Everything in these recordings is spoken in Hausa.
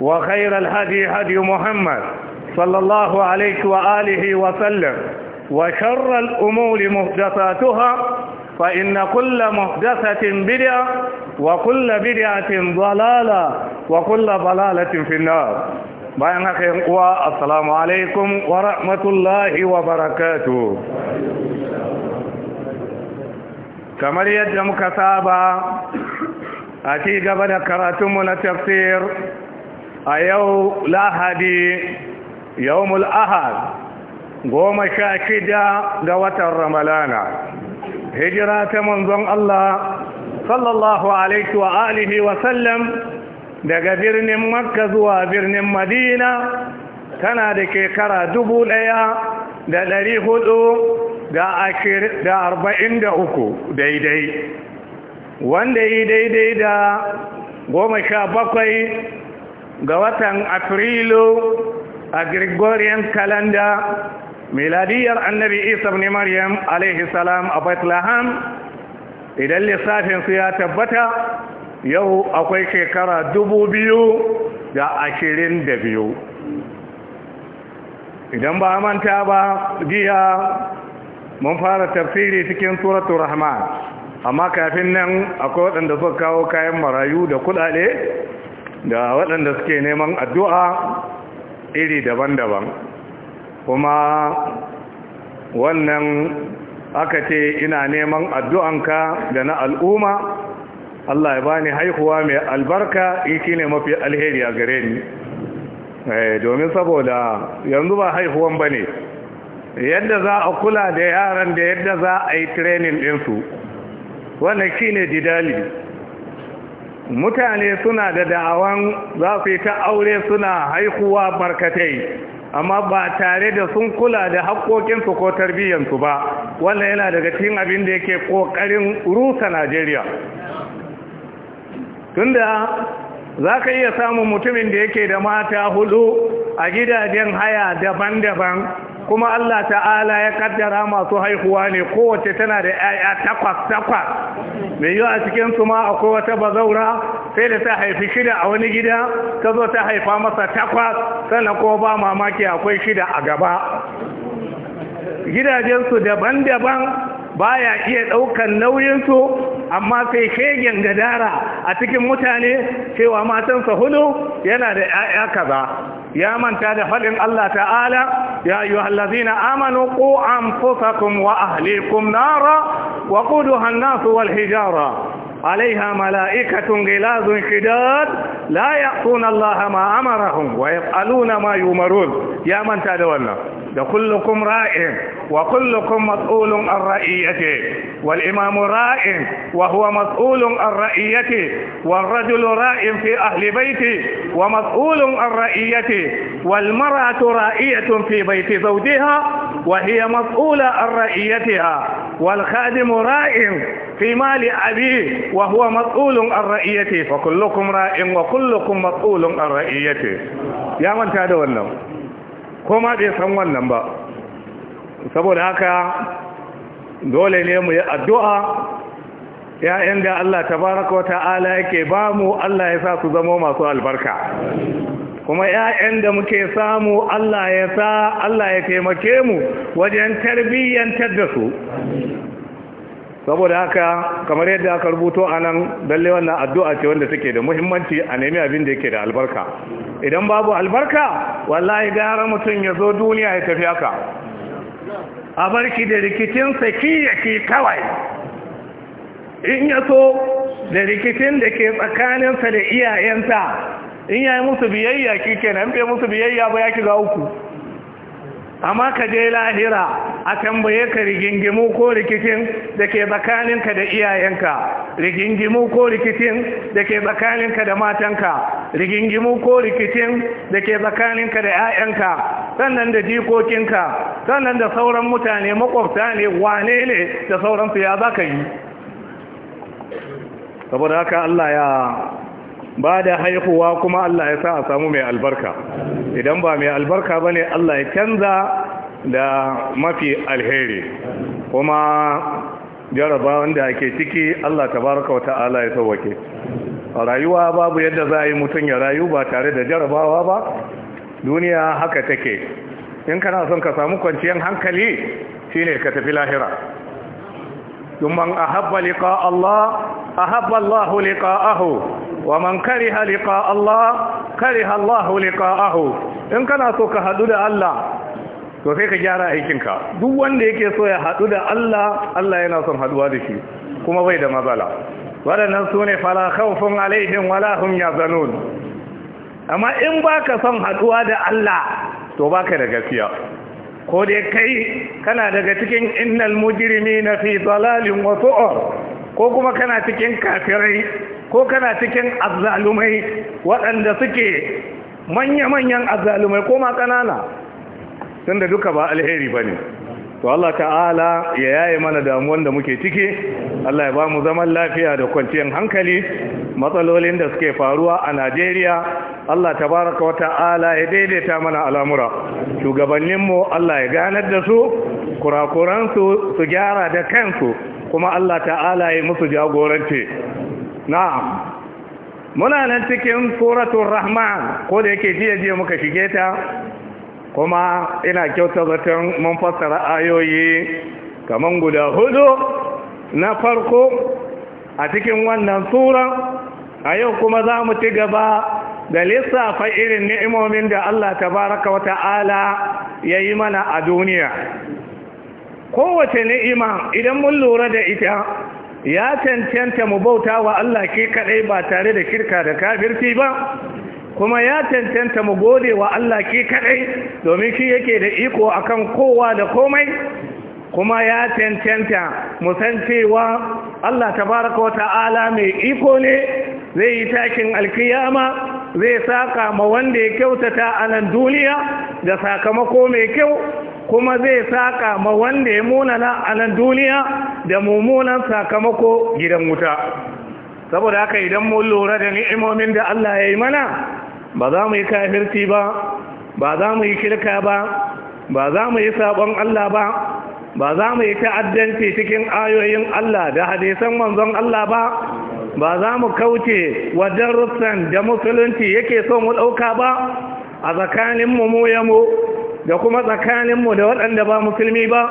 وخير الهدي هدي محمد صلى الله عليه وآله وسلم وشر الأمور محدثاتها فإن كل محدثة بدعة وكل بدعة ضلالة وكل ضلالة في النار بينك يقوى السلام عليكم ورحمة الله وبركاته كما yadda muka أتي قبل ci gaba da a yau lahadi Yaumul'ahad, goma sha shida ga watan ramalana hijira ta manzon Allah sallallahu alaihi wa alihi wa sallam daga birnin makka zuwa birnin madina tana da shekara dubu ɗaya da ɗari hudu da arba'in da uku daidai wanda yi daidai da goma sha bakwai ga watan afrilu a gregorian Kalanda, miladiyar annabi isa ne maryam alaihi salam a bethlehem idan lissafinsu ya tabbata yau akwai shekara dubu biyu da ashirin da biyu idan ba manta ba jiya mun fara tafsiri cikin suratul rahman amma kafin nan akwai waɗanda suka kawo kayan marayu da kuɗaɗe da waɗanda suke neman addu'a iri daban-daban kuma wannan aka ce ina neman addu'anka da na al'umma Allah ya bani haihuwa mai albarka shi ne mafi alheri a gare ni eh, domin saboda yanzu ba haihuwan ba ne yadda za a kula da yaran da yadda za a yi training ɗinsu wannan shi ne didali mutane suna da da'awan za su yi ta aure suna haihuwa barkatai amma ba tare da sun kula da haƙoƙinsu ko tarbiyyansu ba wannan yana daga cikin abin da yake ƙoƙarin rusa najeriya tunda za ka iya samun mutumin da yake da mata hudu a gidajen haya daban-daban kuma allah ta'ala ya kaddara masu haihuwa ne kowace tana da 'ya'ya takwas-takwas mai yi a cikinsu ma akwai wata bazaura sai da ta haifi shida a wani gida ta zo ta haifa masa takwas sannan ko ba mamaki akwai shida a gaba gidajensu daban-daban ba ya iya ɗaukan nauyinsu amma sai shegen gadara a cikin mutane cewa matansa hudu yana da 'ya'ya kaza ya manta da faɗin Allah ta'ala ya yi hallazina amanu ku an fusa wa ahlikum nara wa kudu hannasu wal hijara عليها ملائكة غلاظ شداد لا يعطون الله ما أمرهم ويفعلون ما يؤمرون يا من تدولنا لكلكم رائع وكلكم مسؤول عن رأيته والإمام رائع وهو مسؤول عن رأيته والرجل رائع في أهل بيته ومسؤول عن رأيته والمرأة رائية في بيت زوجها وهي مسؤولة عن رأيتها والخادم رائع في مال أبيه wa huwa matsulun an ra'iyati fa kullukum ra'in wa kullukum matsulun an ra'iyati ya manta da wannan ko ma bai san wannan ba saboda haka dole ne mu yi addu'a ‘ya'yan da Allah tabaraka ta'ala yake ba mu Allah ya sa su zama masu albarka kuma ‘ya'yan da muke samu Allah ya sa Allah ya taimake mu wajen tarbiyyantar da su saboda haka kamar yadda aka rubuto a nan dalle wannan addu'a ce wanda take da muhimmanci a nemi abin da yake da albarka idan babu albarka wallahi gara mutum ya zo duniya ya tafi haka a barki da rikicin saki kawai in ya so da rikicin da ke tsakaninsa da iyayensa in yayi musu biyayya kike nan bai musu biyayya ba ya ga uku amma ka je lahira a tambaye ka rigingimu ko rikicin da ke tsakaninka da iyayenka rigingimu ko rikicin da ke tsakaninka da matanka rigingimu ko rikicin da ke tsakaninka da 'ya'yanka sannan da jikokinka sannan da sauran mutane makwabta ne wane ne da sauransu ya za ka yi saboda haka Allah ya ba da haihuwa kuma Allah ya sa a samu mai albarka idan ba mai albarka ba ne Allah ya canza da mafi alheri kuma jarabawar da ake ciki Allah tabaraka wa ta'ala ya sauwake a rayuwa babu yadda za a yi mutum ya rayu ba tare da jarabawa ba duniya haka take in kana son ka samu kwanciyar hankali shine ka tafi lahira ومن أحب لقاء الله أحب الله لقاءه ومن كره لقاء الله كره الله لقاءه إن كان سوك حدود الله to sai ka gyara aikinka duk wanda yake so ya haɗu da Allah Allah yana son haɗuwa da shi kuma bai da matsala waɗannan sune ne fala khawfun alaihim wala hum yazanun amma in baka son haɗuwa da Allah to baka da gaskiya ko dai kai kana daga cikin innal mujrimina fi dalalin wa su'ur ko kuma kana cikin kafirai ko kana cikin azzalumai waɗanda suke manya-manyan azzalumai ko ma ƙanana tunda duka ba alheri bane to Allah ta'ala ya yaye mana damuwan da muke ciki Allah ya ba mu zaman lafiya da kwanciyar hankali matsalolin da suke faruwa a Najeriya Allah tabaraka ala ya daidaita mana al'amura shugabanninmu Allah ya ganar da su kurakuransu su gyara da kansu kuma Allah ta'ala ya musu jagoranci na'am muna nan cikin suratun rahma ko da yake jiya jiya muka shige ta kuma ina kyauta zaton mun fassara ayoyi kaman guda hudu na farko a cikin wannan suran a yau kuma za mu ci gaba da lissafa irin ni'imomin da Allah tabaraka wa ta'ala ya yi mana a duniya kowace ni'ima idan mun lura da ita ya cancanta mu bauta wa Allah ke kaɗai ba tare da shirka da kafirci ba kuma ya cancanta mu gode wa Allah ke kaɗai domin shi yake da iko akan kowa da komai kuma ya cancanta mu san cewa Allah tabaraka wa ta'ala mai iko ne zai yi takin alkiyama zai saka ma wanda ya kyautata a nan duniya da sakamako mai kyau kuma zai saka ma wanda ya munana a nan duniya da mummunan sakamako gidan wuta saboda haka idan mun lura da ni'imomin da Allah ya yi mana ba za mu yi kafirci ba ba za mu yi kirka ba ba za mu yi sabon Allah ba ba za mu yi ta'addanci cikin ayoyin Allah da hadisan manzon Allah ba ba za mu kauce wa darussan da musulunci yake so mu ɗauka ba a tsakaninmu mu ya mu da kuma tsakaninmu da waɗanda ba musulmi ba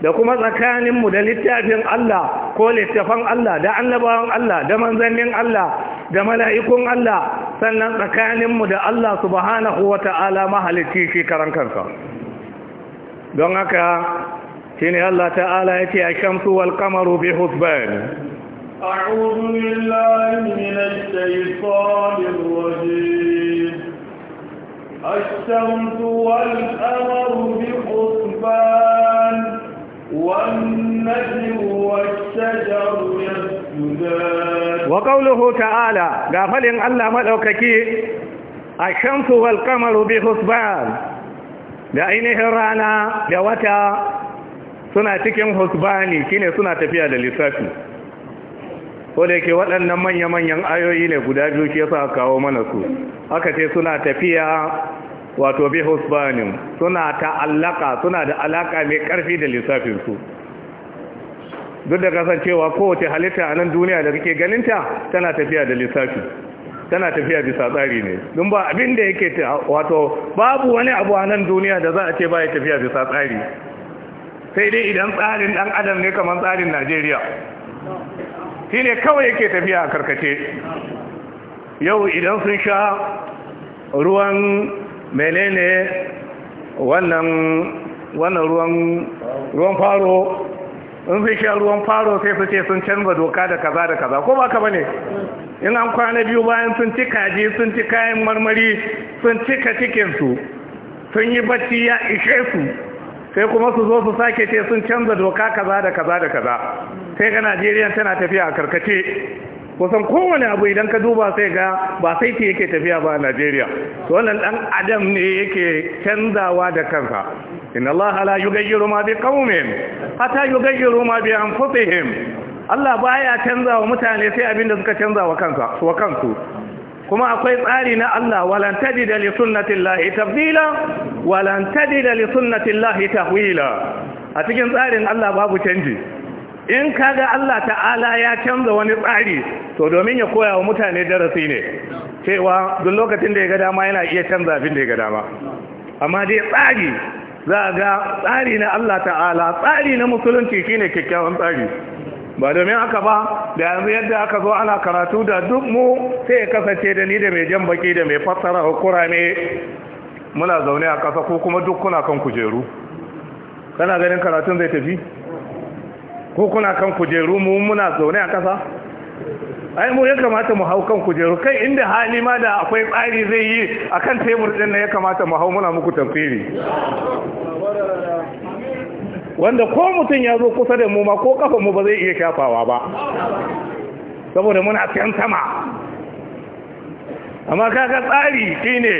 da kuma tsakaninmu da littafin Allah ko littafan Allah da annabawan Allah da manzannin Allah da mala'ikun Allah sannan tsakaninmu da Allah subhanahu wata'ala ta'ala mahalicci shi karan kansa. don haka shine Allah ta'ala yace ash-shamsu wal qamaru bi husban أعوذ بالله من الشيطان الرجيم الشمس والقمر بحسبان والنجم والشجر يسجدان وقوله تعالى غافل الله ملوكك الشمس والقمر بحسبان da ainihin rana da wata suna cikin husbani shine suna tafiya da lissafi ko da yake waɗannan manya-manyan ayoyi ne guda biyu ke sa kawo mana su aka ce suna tafiya wato bi husbanin suna ta'allaka suna da alaka mai ƙarfi da lissafinsu. duk da kasancewa kowace halitta a nan duniya da kake ganinta tana tafiya da lissafi tana tafiya bisa tsari ne don ba abin da yake wato babu wani abu a nan duniya da za a ce ba ya tafiya bisa tsari sai dai idan tsarin dan adam ne kamar tsarin najeriya shi ne kawai yake tafiya a karkace yau idan sun sha ruwan menene wannan wannan ruwan ruwan faro in sun sha ruwan faro sai su ce sun canza doka da kaza da kaza ko ba ka bane in an kwana biyu bayan sun ci kaji sun ci kayan marmari sun cika cikinsu sun yi bacci ya ishe su sai kuma su zo su sake ce sun canza doka kaza da kaza da kaza sai ga najeriya tana tafiya a karkace kusan kowane abu idan ka duba sai ga ba sai ke yake tafiya ba a najeriya to wannan dan adam ne yake canzawa da kansa inna allaha la yughayyiru ma qaumin hatta yughayyiru ma bi anfusihim Allah baya canza wa mutane sai abin da suka canza wa kansu kuma akwai tsari na Allah walan tajida li sunnatillahi tafdila walan tajida li sunnatillahi tahwila a cikin tsarin Allah babu canji in kaga Allah ta'ala ya canza wani tsari to domin ya koya wa mutane darasi ne cewa duk lokacin da ya ga dama yana iya canza abin da ya ga dama amma dai tsari za ga tsari na Allah ta'ala tsari na musulunci shine kyakkyawan tsari ba domin aka ba da yanzu yadda aka zo ana karatu da duk mu sai ya kasance da ni da mai jan baki da mai fassara hukura ne muna zaune a ƙasa ko kuma duk kuna kan kujeru kana ganin karatun zai tafi ko kuna kan kujeru mu muna zaune a ƙasa ai mu ya kamata mu hau kan kujeru kai inda hali ma da akwai tsari zai yi akan tebur din na ya kamata mu hau muna muku tafiri wanda ko mutum ya zo kusa da mu ma ko kafa mu ba zai iya shafawa ba saboda muna cikin sama amma kaga tsari shine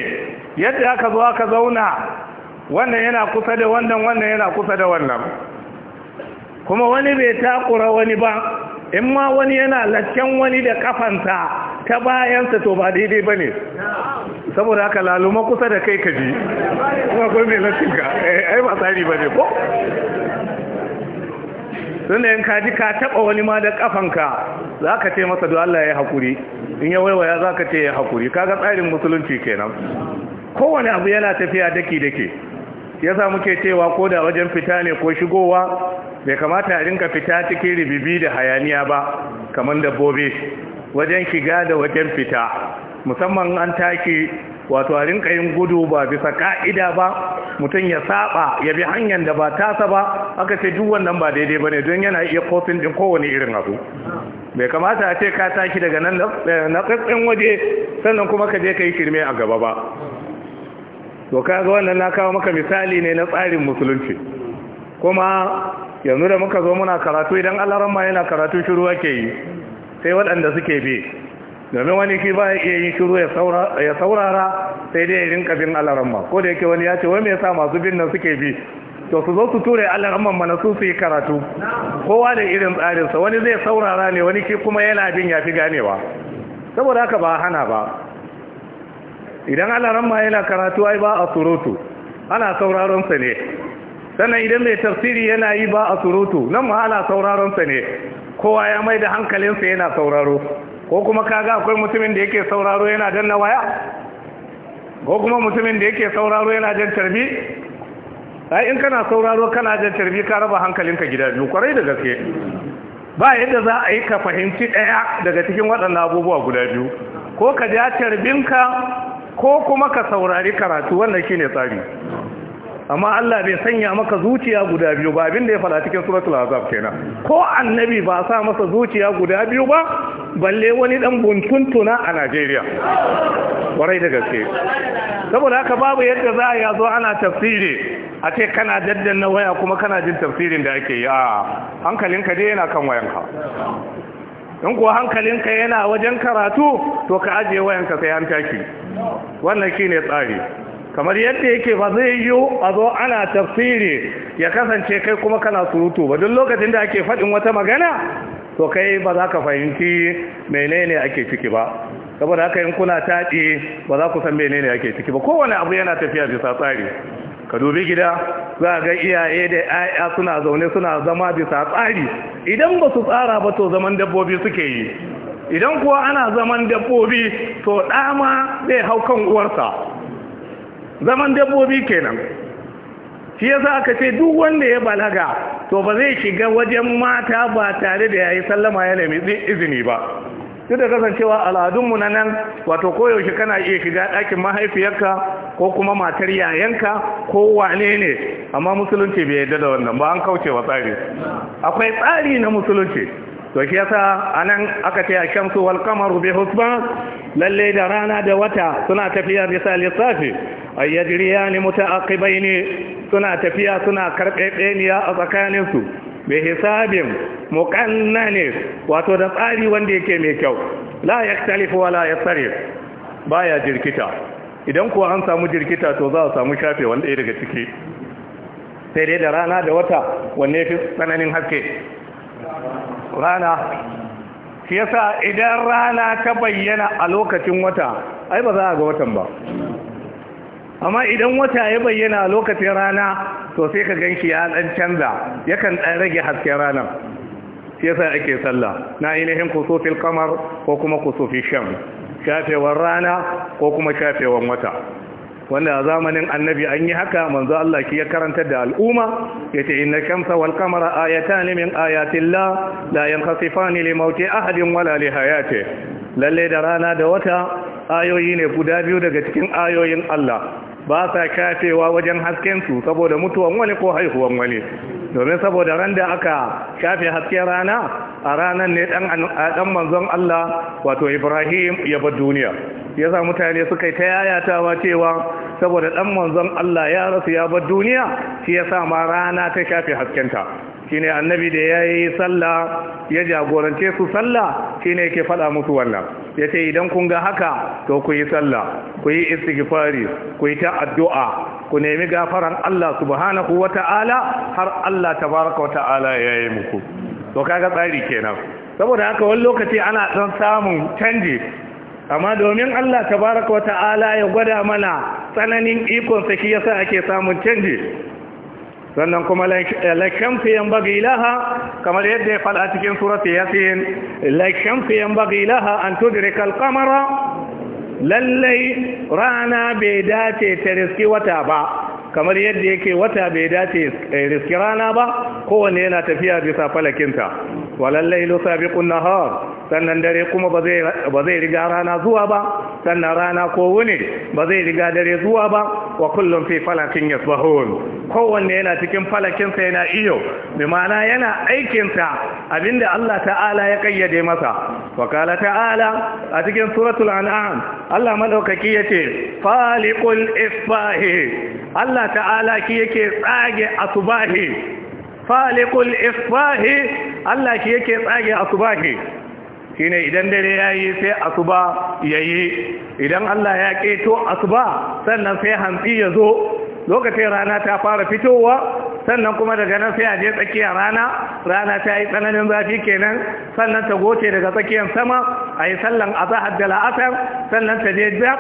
yadda aka zo aka zauna wannan yana kusa da wannan wannan yana kusa da wannan kuma wani bai takura wani ba in ma wani yana lakken wani da kafansa ta bayansa to ba daidai ba ne saboda haka laluma kusa da kai kaji kuma kuma mai lashinka eh, ai ba tsari ba ne ko tunda in kaji ka taba wani ma da kafanka za ka ce masa da Allah ya haƙuri in ya waiwaya za ka ce ya haƙuri kaga tsarin musulunci kenan kowane abu yana tafiya daki-daki ya sa muke cewa ko da wajen fita ne ko shigowa bai kamata a rinka fita cikin ribibi da hayaniya ba kamar dabbobi wajen shiga da wajen fita musamman an taki wato a rinka yin gudu ba bisa ka'ida ba mutum ya saba ya bi hanyar da ba tasa ba aka ce duk wannan ba daidai ba ne don yana iya kofin din kowane irin abu bai kamata a ce ka taki daga nan na eh, tsatsin waje sannan kuma ka je ka yi kirme a gaba ba to ka ga wannan na kawo maka misali ne na tsarin musulunci kuma yanzu da muka zo muna karatu idan alaran ma yana karatu shuru ake yi sai waɗanda suke bi domin wani shi ba ya iya yin shiru ya saurara sai dai ya rinka bin alaran ma ko da yake wani ya ce wai me yasa masu bin nan suke bi to su zo su ture alaran ma mana su su yi karatu kowa da irin tsarinsa wani zai saurara ne wani shi kuma yana bin ya fi ganewa saboda haka ba hana ba idan alaran ma yana karatu ai ba a surutu ana sauraron sa ne sannan idan mai tafsiri yana yi ba a surutu nan mahala sa ne kowa ya mai da hankalinsa yana sauraro ko kuma kaga akwai mutumin da yake sauraro yana na waya ko kuma mutumin da yake sauraro yana jan tarbi ai in kana sauraro kana jan tarbi ka raba hankalinka gida biyu kwarai da gaske ba yadda za a yi ka fahimci ɗaya daga cikin waɗannan abubuwa guda biyu ko ka ja tarbinka ko kuma ka saurari karatu wannan shine tsari amma Allah bai sanya maka zuciya guda biyu ba abinda ya fara cikin suratul azab kenan ko annabi ba sa masa zuciya guda biyu ba balle wani dan buntuntuna a Najeriya warai da gaske saboda haka babu yadda za a yazo ana tafsiri a ce kana na waya kuma kana jin tafsirin da ake yi a hankalinka dai yana kan wayanka in kuwa hankalinka yana wajen karatu to ka ajiye wayanka sai an taki wannan shine tsari kamar yadda yake ba zai yi a zo ana tafsiri ya kasance kai kuma kana surutu ba duk lokacin da ake faɗin wata magana to kai ba za ka fahimci menene ake ciki ba saboda haka yin kuna taɗi ba za ku san menene ake ciki ba kowane abu yana tafiya bisa tsari ka dubi gida za ga iyaye da 'ya'ya suna zaune suna zama bisa tsari idan ba su tsara ba to zaman dabbobi suke yi idan kuwa ana zaman dabbobi to ɗama zai hau kan uwarsa zaman dabbobi kenan shi yasa aka ce duk wanda ya balaga to ba zai shiga wajen mata ba tare da yayi sallama yana nemi izini ba duk da kasancewa al'adunmu na nan wato koyaushe kana iya shiga ɗakin mahaifiyarka ko kuma matar yayanka ko wane ne amma musulunci bai yarda da wannan ba an kauce wa tsari akwai tsari na musulunci to shi yasa anan aka ce ash-shamsu wal qamaru bi husban lalle da rana da wata suna tafiya bisa lissafi ay yajriyani mutaaqibaini suna tafiya suna karbebeniya a tsakanin su bi hisabin muqannani wato da tsari wanda yake mai kyau la yaktalifu wala yasrif baya jirkita idan kuwa an samu jirkita to za a samu shafe wanda daga ciki sai dai da rana da wata wanne fi tsananin haske rana shi yasa idan rana ta bayyana a lokacin wata ai ba za a ga watan ba amma idan wata ya bayyana a lokacin rana to sai ka gan shi ya dan canza yakan dan rage hasken ranar shi yasa ake sallah na ainihin kusufin kamar ko kuma kusufil shan shafewar rana ko kuma shafewar wata wanda a zamanin annabi an yi haka manzo Allah ki ya karantar da al'umma yace inna shamsa wal qamara ayatan min ayatillah la yanqasifani li mauti ahadin wala li hayati lalle da rana da wata ayoyi ne guda biyu daga cikin ayoyin Allah ba sa kafewa wajen haskensu saboda mutuwan wani ko haihuwan wani domin saboda ran da aka kafe hasken rana a ranar ne dan manzon Allah wato Ibrahim ya bar duniya yasa mutane suka yi ta yayatawa cewa saboda dan manzon Allah ya rasu ya bar duniya shi yasa ma rana ta kafe haskenta shine annabi da ya yi sallah ya jagorance su sallah shine ke faɗa musu wannan ya ce idan kun ga haka to ku yi sallah ku yi istighfari ku yi ta addu'a ku nemi gafaran Allah subhanahu wata'ala har Allah ta tabaraka wata'ala yi muku to kaga tsari kenan saboda haka wani lokaci ana ɗan samun canji amma domin Allah ta tabaraka wata'ala ya gwada mana tsananin ikon sa shi yasa ake samun canji sannan kuma lakshamsu eh, yan bagi laha kamar yadda ya fada cikin suratu yasin lakshamsu yan bagi laha an tudrika alqamara lallai rana bai dace ta riski wata ba kamar yadda yake wata bai dace eh, riski rana ba kowanne yana tafiya bisa falakinta walallai lusabiqun nahar sannan dare kuma ba zai riga rana zuwa ba sannan rana ko wuni ba zai riga dare zuwa ba wa kullum fi falakin yasbahun kowanne yana cikin falakinsa yana iyo bi ma'ana yana aikinsa abinda Allah ta'ala ya kayyade masa wakala ta'ala a cikin suratul an'am Allah madaukaki yace falikul isbahi Allah ta'ala ki yake tsage asubahi faliqul isbahi Allah ki yake tsage asubahi shine idan dare yayi sai asuba ya yi idan Allah ya keto asuba sannan sai hantsi ya zo lokacin rana ta fara fitowa sannan kuma daga nan sai a je tsakiyar rana rana ta yi tsananin zafi kenan sannan ta goce daga tsakiyar sama a yi sallan azahar da la'asan sannan ta je za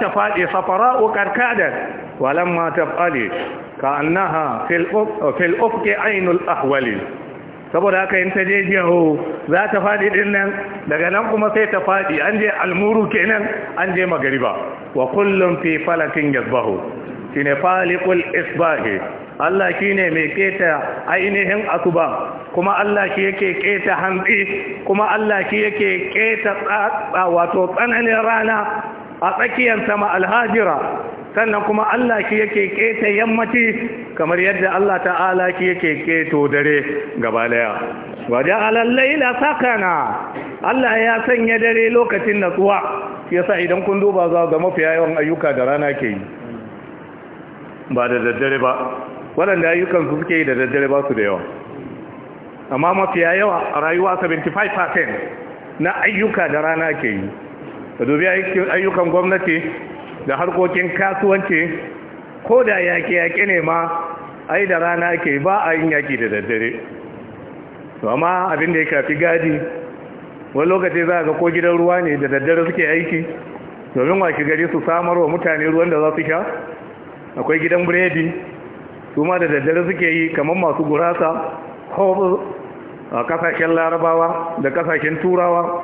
ta faɗi safara'u karkadar walamma ta faɗi ka annaha fil ofke ainul ahwali saboda haka yin ta jejiya ho, oh, za ta faɗi ɗin nan daga nan kuma sai ta faɗi an je almuru kenan an je magariba wa kullum fi falakin yasbahu shine falikul isbahi Allah ne mai keta ainihin asuba kuma Allah shi yake keta hantsi kuma Allah shi yake keta wato tsananin rana a tsakiyar sama alhajira sannan kuma Allah ki yake keta yammaci kamar yadda Allah ta'ala ki yake keto dare gaba daya waje alallaila sakana Allah ya sanya dare lokacin natsuwa yasa idan kun duba za ga mafiya yawan ayyuka da rana ke yi ba da daddare ba waɗanda ayyukan su suke yi da daddare ba su da yawa amma mafiya yawa a rayuwa 75% na ayyuka da rana ke yi ka dubi ayyukan gwamnati da harkokin kasuwanci ko da yaƙe-yaƙe ne ma ai da rana ke ba a yin yaƙi da daddare to amma abin da ya kafi gadi wani lokaci za a ga ko gidan ruwa ne da daddare suke aiki domin washe gari su samar wa mutane ruwan da za su sha akwai gidan biredi su ma da daddare suke yi kamar masu gurasa a kasashen larabawa da kasashen turawa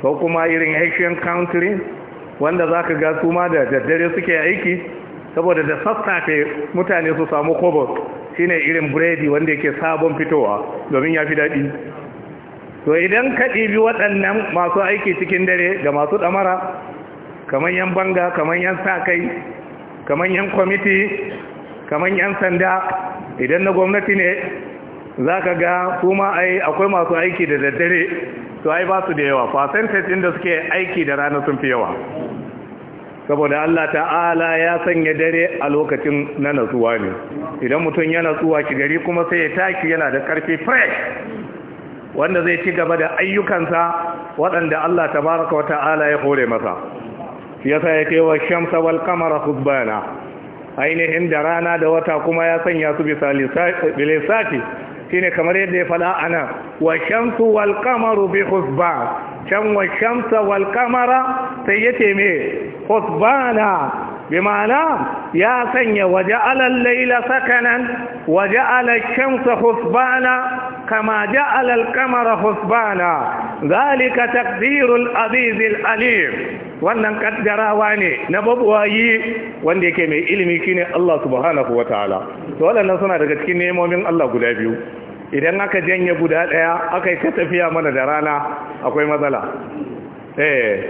ko kuma irin asian country wanda za ka ga suma ma da daddare suke aiki saboda da sassafe mutane su samu kobo shine irin biredi wanda yake sabon fitowa domin ya fi daɗi to idan ka ɗibi waɗannan masu aiki cikin dare ga masu ɗamara kamar yan banga kamar yan sa-kai kamar yan kwamiti kamar yan sanda idan na gwamnati ne za ka ga kuma akwai masu aiki da daddare to ai ba su da yawa percentage din da suke aiki da rana sun fi yawa saboda Allah ta'ala ya sanya dare a lokacin na natsuwa ne idan mutum ya natsuwa ki gari kuma sai ya taki yana da karfi fresh wanda zai ci gaba da ayyukansa waɗanda Allah tabaraka wa ta'ala ya hore masa shi yasa ya ce wa shamsa wal qamara husbana ainihin da rana da wata kuma ya sanya su bisa lissafi shine kamar yadda ya fada ana wa shamsu wal qamaru bi husban can wa shamsa wal qamara sai yace me husbana bi ma'ana ya sanya waja'ala al-laila sakanan waja'ala ash-shamsa husbana kama ja'ala al-qamara husbana zalika taqdiru al-aziz al-alim wannan kaddarawa ne na babuwayi wanda yake mai ilimi shine Allah subhanahu wataala to waɗannan suna daga cikin nemomin Allah guda biyu idan aka janye guda daya aka yi ta tafiya mana da rana akwai matsala eh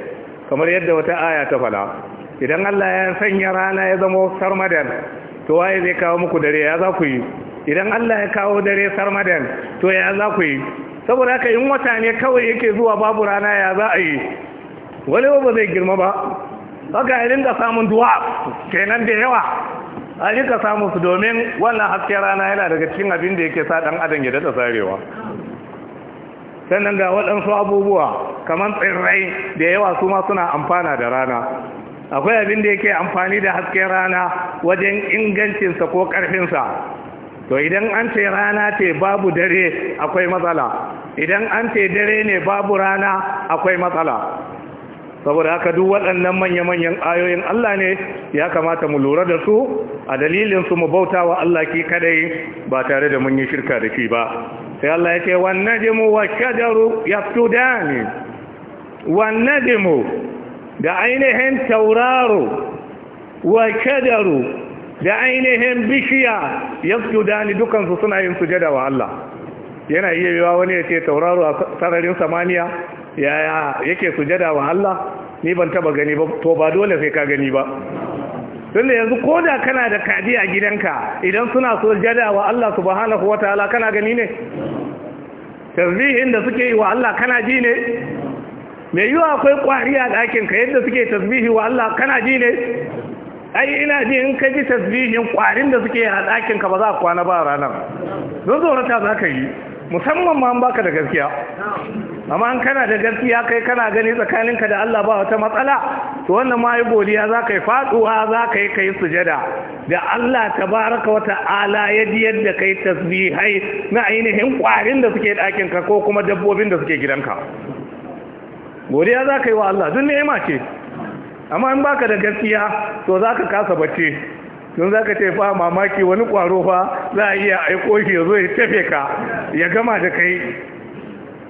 kamar yadda wata aya ta fala idan Allah ya sanya rana ya zama sarmadan to waye zai kawo muku dare ya za ku yi idan Allah ya kawo dare sarmadan to ya za ku yi saboda haka in wata ne kawai yake zuwa babu rana ya za a yi wani ba zai girma ba haka ya dinga samun duwa kenan da yawa a rika samu su domin wannan hasken rana yana daga cikin abin da yake sa ɗan adam ya dada sarewa sannan ga waɗansu abubuwa kamar tsirrai da yawa su ma suna amfana da rana akwai abin da yake amfani da hasken rana wajen ingancinsa ko ƙarfinsa to idan an ce rana ce babu dare akwai matsala idan an ce dare ne babu rana akwai matsala saboda haka duk waɗannan manya-manyan ayoyin Allah ne ya kamata mu lura da su a dalilin su mu bauta wa Allah ki kadai ba tare da mun yi shirka da shi ba sai Allah ya ce wannan jimu wa shajaru ne wannan jimu da ainihin tauraro wa shajaru da ainihin bishiya da ne dukansu suna yin sujada wa Allah yana iya yiwa wani ya ce tauraro a sararin samaniya yaya yake sujada wa Allah ni ban taba gani ba to ba dole sai ka gani ba tunda yanzu ko da kana da kaji a gidanka idan suna sujada wa Allah subhanahu wataala kana gani ne tasbihin da suke yi wa Allah kana ji ne me yiwa akwai kwari a ɗakin ka yadda suke tasbihi wa Allah kana ji ne ai ina ji in ka ji tasbihin kwarin da suke a ɗakin ka ba za a kwana ba ranar don tsorata za ka yi musamman ma an baka da gaskiya amma an kana da gaskiya kai kana gani tsakaninka da Allah ba wata matsala to wannan ma yi godiya za ka yi faduwa za ka yi ka yi sujada da Allah tabaraka wa ta'ala ya diyar da kai tasbihai na ainihin kwarin da suke ɗakinka ko kuma dabbobin da suke gidanka godiya za ka yi wa Allah duk ni'ima ce amma in baka da gaskiya to za ka kasa bacci don za ka ce mamaki wani kwaro fa za a iya aiko shi ya zo ya tafe ka ya gama da kai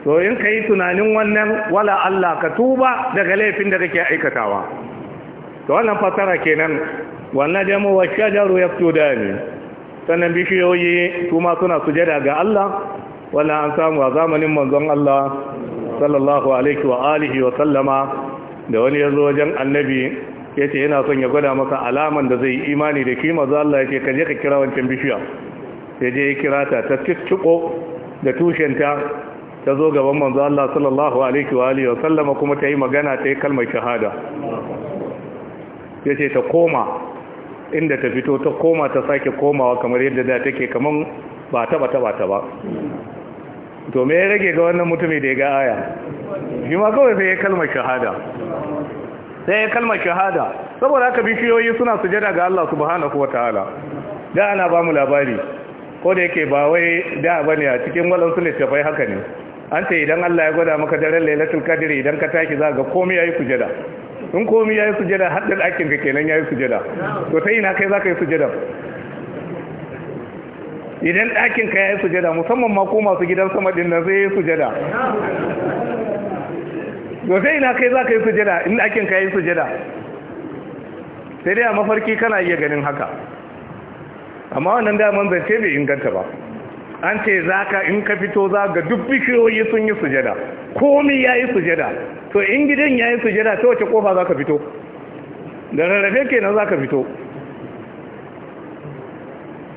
to in ka yi tunanin wannan wala Allah ka tuba daga laifin da kake aikatawa to wannan fasara kenan wannan da wa shajaru ni. sannan bishiyoyi kuma suna sujada ga Allah wannan an samu a zamanin manzon Allah sallallahu alaihi wa alihi wa sallama da wani ya wajen annabi ya ce yana son ya gwada maka alaman da zai imani da kima za Allah ya ce kaje ka kira wancan bishiya sai je ya kira ta ta da tushenta ta zo gaban manzo Allah sallallahu alaihi wa alihi wa sallama kuma ta yi magana ta yi kalmar shahada yace ta koma inda ta fito ta koma ta sake komawa kamar yadda da take kaman ba ta ba ta ba to me ya rage ga wannan mutumin da ya ga aya shi ma kawai sai ya kalmar shahada sai ya kalmar shahada saboda haka bishiyoyi suna sujada ga Allah subhanahu wataala da ana ba mu labari ko da yake ba wai da bane a cikin walansu tafai haka ne an ce idan Allah ya gwada maka daren lailatul kadiri idan ka taki za ga komai yayi sujada in komai yayi sujada haddin akin ka kenan yayi sujada to sai ina kai zaka yi sujada idan ɗakin ka yayi sujada musamman ma ko masu gidan sama din nan sai yayi sujada to sai ina kai zaka yi sujada in ɗakin ka yayi sujada sai dai a mafarki kana iya ganin haka amma wannan daman zance bai inganta ba an ce za ka in ka fito za ga duk bishiyoyi sun yi sujada komi ya yi sujada to in gidan ya yi sujada ta wace kofa za ka fito da rarrafe kenan za ka fito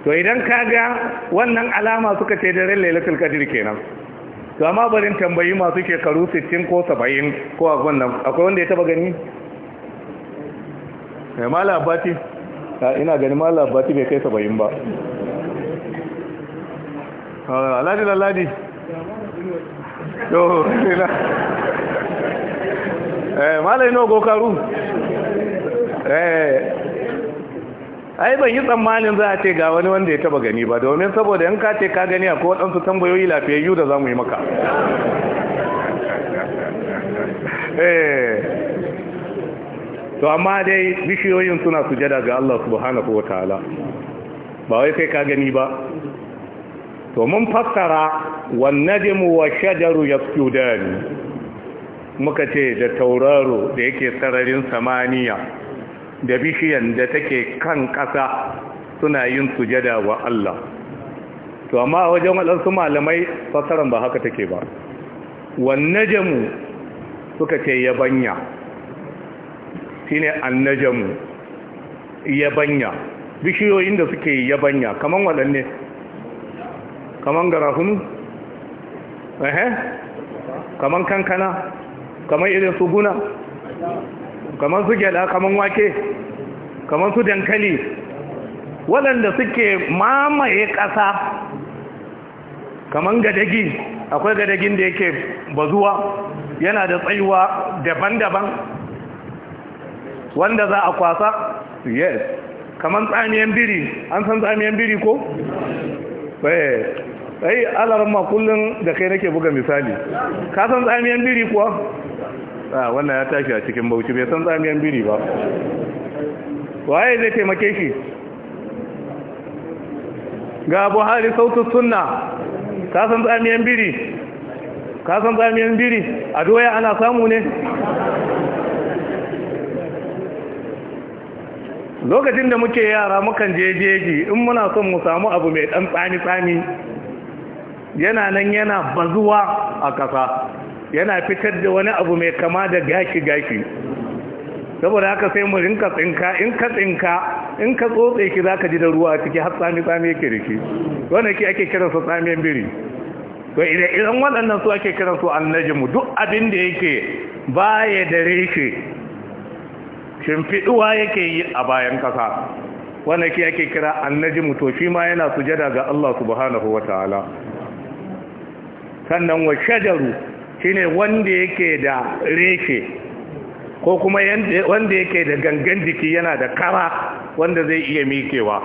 to idan ka ga wannan alama suka ce daren lailatul qadr kenan to amma barin tambayi masu shekaru 60 ko 70 ko wannan akwai wanda ya taba gani eh malabati ah, ina gani malabati bai kai 70 ba alhaji lalladi yau na eh malai nawa karu eh ai ban yi tsammanin za a ce ga wani wanda ya taba gani ba domin saboda yan ka ce ka gani akwai waɗansu tambayoyi lafiyayyu da za mu yi maka eh. to amma dai bishiyoyin suna sujada ga Allah subhanahu wa ta'ala ba wai kai ka gani ba to mun fassara najmu wa shajaru yasjudani muka ce da tauraro da yake sararin samaniya da bishiyan da take kan ƙasa suna yin sujada wa Allah to amma wajen waɗansu malamai fassaran ba haka take ba najmu suka ce yabanya shine annajamu yabanya bishiyoyin da suke yabanya kaman waɗanne kaman garahunu ehe kaman kankana kaman irin su guna kaman su gyada kaman wake kaman su dankali waɗanda suke mamaye ƙasa kaman gadagi akwai gadagin da yake bazuwa yana da tsayuwa daban-daban wanda za a kwasa yes kaman tsamiyan biri an san tsamiyan biri ko? Eh. ai alaran ma kullun da kai nake buga misali ka san tsamiyan biri kuwa a wannan ya tashi a cikin bauchi bai san tsamiyan biri ba waye zai taimake shi ga buhari sautu sunna ka san tsamiyan biri ka san tsamiyan biri a doya ana samu ne lokacin da muke yara mukan jejeji, in muna son mu samu abu mai dan tsami tsami yana nan yana bazuwa a ƙasa yana fitar da wani abu mai kama da gashi-gashi saboda haka sai mu rinka tsinka in ka tsinka in ka tsotse za ka ji da ruwa ciki har tsami-tsami yake da shi wanda ke ake su tsamiyan biri to idan waɗannan su ake kiransu annajimu duk abin da yake baya da reshe shimfiɗuwa yake yi a bayan ƙasa wanda ke ake kira annajimu to shi ma yana sujada ga Allah subhanahu wa ta'ala sannan wa shajaru shine wanda yake da reshe ko kuma wanda yake da gangan jiki yana da kara wanda zai iya mikewa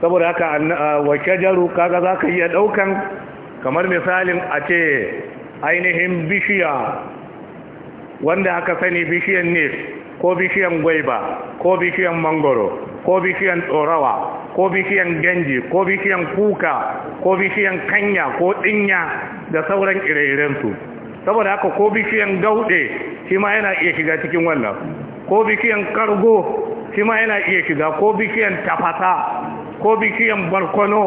saboda haka wa shajaru kaga zaka iya daukan kamar misalin a ce ainihin bishiya wanda aka sani bishiyan ne ko bishiyan gwaiba ko bishiyan mangoro ko bishiyan tsorawa ko bishiyan ganji ko bishiyan kuka ko bishiyan kanya ko dinya da sauran ire-irensu saboda haka ko bishiyan gaude shi ma yana iya shiga cikin wannan ko bishiyan kargo shi ma yana iya shiga ko bishiyan tafasa ko bishiyan barkono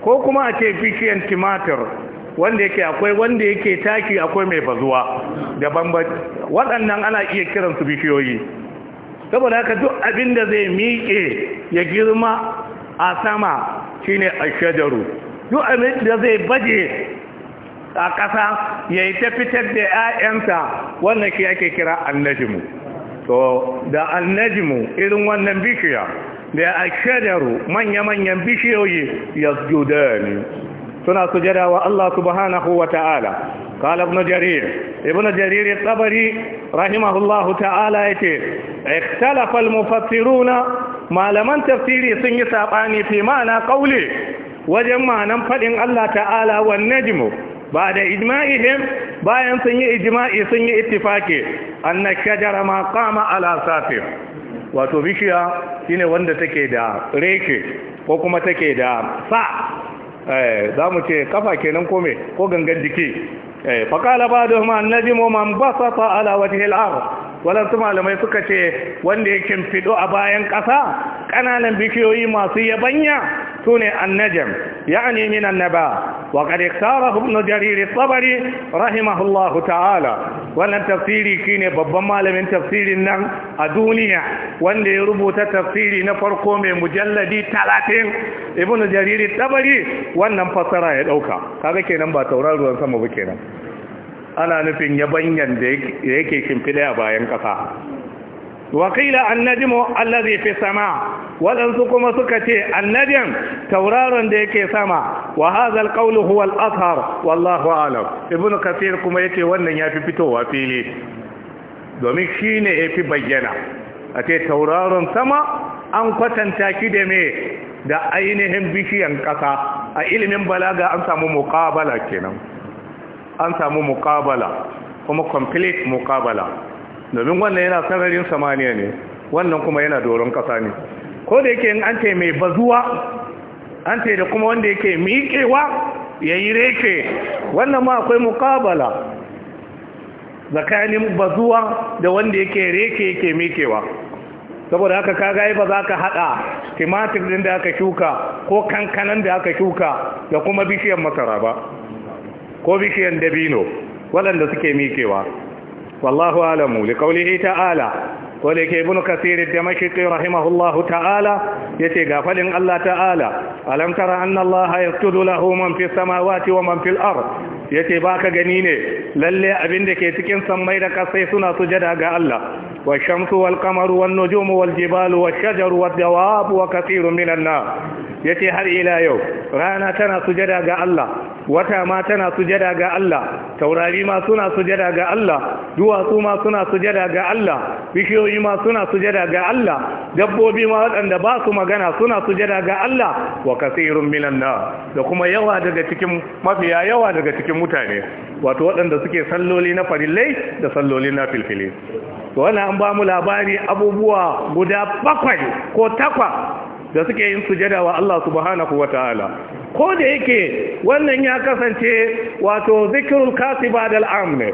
ko kuma a ce bishiyan timatir wanda yake akwai wanda yake taki akwai mai bazuwa da bambanci waɗannan ana iya kiransu bishiyoyi saboda haka duk abin da zai miƙe ya girma a sama shine shajaru duk abin da zai baje a ƙasa ya yi ta fitar da 'ya'yanta wannan shi ake kira annajimu to da annajimu irin wannan bishiya da ashadaru manya-manyan bishiyoyi ya ne suna su jadawa Allah subhanahu wa ta'ala قال ابن جرير ابن جرير الطبري رحمه الله تعالى يتي اختلف المفسرون ما لم تفسيري سنجي ساباني في معنى قولي وجمع ننفل الله تعالى والنجم بعد إجمائهم باين سنجي إجمائي سنجي اتفاقي أن الشجر ما قام على ساتر wato bishiya shine wanda take da reke ko kuma take da sa za mu ce kafa kenan kome ko gangan jiki إيه، فقال بعضهم النجم من بسط على وجه الأرض waɗansu malamai suka ce wanda ya kimfido a bayan ƙasa ƙananan bishiyoyi masu yabanya su ne annajam ya ne min annaba wa qad iktara ibn sabari rahimahullahu ta'ala wannan tafsiri ne babban malamin tafsirin nan a duniya wanda ya rubuta tafsiri na farko mai mujalladi talatin? ibn Jariri sabari wannan fasara ya Ka kaga kenan ba tauraruwan sama ba kenan ana nufin yabanyan da yake kimfide a bayan ƙasa wakila annajimo allazi fi sama waɗansu kuma suka ce annajin tauraron da yake sama wa hazal qawlu huwa al-athar wallahu a'lam ibn kathir kuma yace wannan ya fi fitowa fili domin shine fi bayyana a ce tauraron sama an kwatanta ki da me da ainihin bishiyan ƙasa a ilimin balaga an samu muqabala kenan an samu mukabala kuma complete mukabala domin wannan yana sararin samaniya ne wannan kuma yana doron ƙasa ne ko da yake an ce mai bazuwa an ce da kuma wanda yake miƙewa ya yi reke wannan ma akwai mukabala tsakanin bazuwa da wanda yake reke yake miƙewa saboda haka ka gai ba za ka haɗa timatir ɗin da aka shuka ko kankanan da aka shuka da kuma bishiyar masara ba ko bishiyar dabino waɗanda suke miƙewa wallahu alamu li ta'ala ko da yake ibnu kasir da makiti rahimahullahu ta'ala yace ga fadin Allah ta'ala alam tara anna Allah yasjudu lahu man fis samawati wa man fil ard yace baka gani ne lalle abin da ke cikin sammai da kasai suna sujada ga Allah wa shamsu wal qamaru wan nujumu wal jibalu wash shajaru wad dawab wa kathirun minan nar yace har ila yau rana tana sujada ga Allah wata ma tana sujada ga Allah taurari ma suna sujada ga Allah duwatsu ma suna sujada ga Allah bishiyoyi bishiyoyi ma suna sujada ga Allah dabbobi ma waɗanda ba su magana suna sujada ga Allah wa kasirun minan da kuma yawa daga cikin mafiya yawa daga cikin mutane wato waɗanda suke salloli na farillai da salloli na filfili wannan an ba mu labari abubuwa guda bakwai ko takwa da suke yin sujada wa Allah subhanahu wata'ala ko da yake wannan ya kasance wato zikirul kasiba dal amne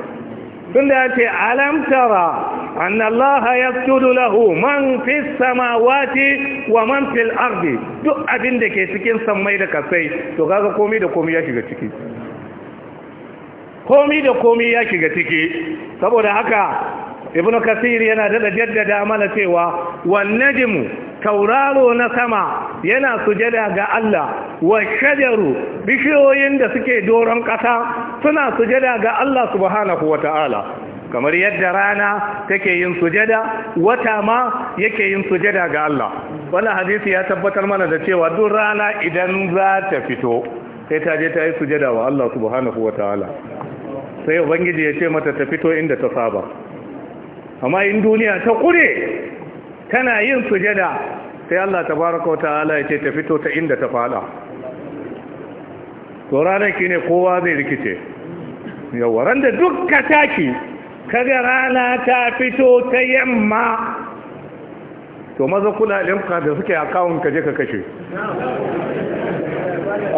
tunda ya ce alamtara an Allah ya lahu man fi samawati wa man fil ardi duk abin da ke cikin sammai da kasai to kaga komai da komai ya shiga ciki komai da komai ya shiga ciki saboda haka ibnu kasir yana da jaddada mana cewa wan najmu tauraro na sama yana sujada ga Allah wa shajaru bishiyoyin da suke doron ƙasa suna sujada ga Allah subhanahu ta'ala kamar yadda rana take yin sujada wata ma yake yin sujada ga Allah wannan hadisi ya tabbatar mana da cewa duk rana idan za ta fito sai ta je ta yi sujada wa Allah subhanahu ta'ala sai ubangiji ya ce mata ta fito inda ta saba amma in duniya ta kure tana yin sujada sai Allah baraka wa ta'ala ya ce ta fito ta inda ta fada to ranar ki ne kowa zai rikice yawaran da duk ka taki kaga rana ta fito ta yamma to maza kula limka da suke akawun ka je ka kashe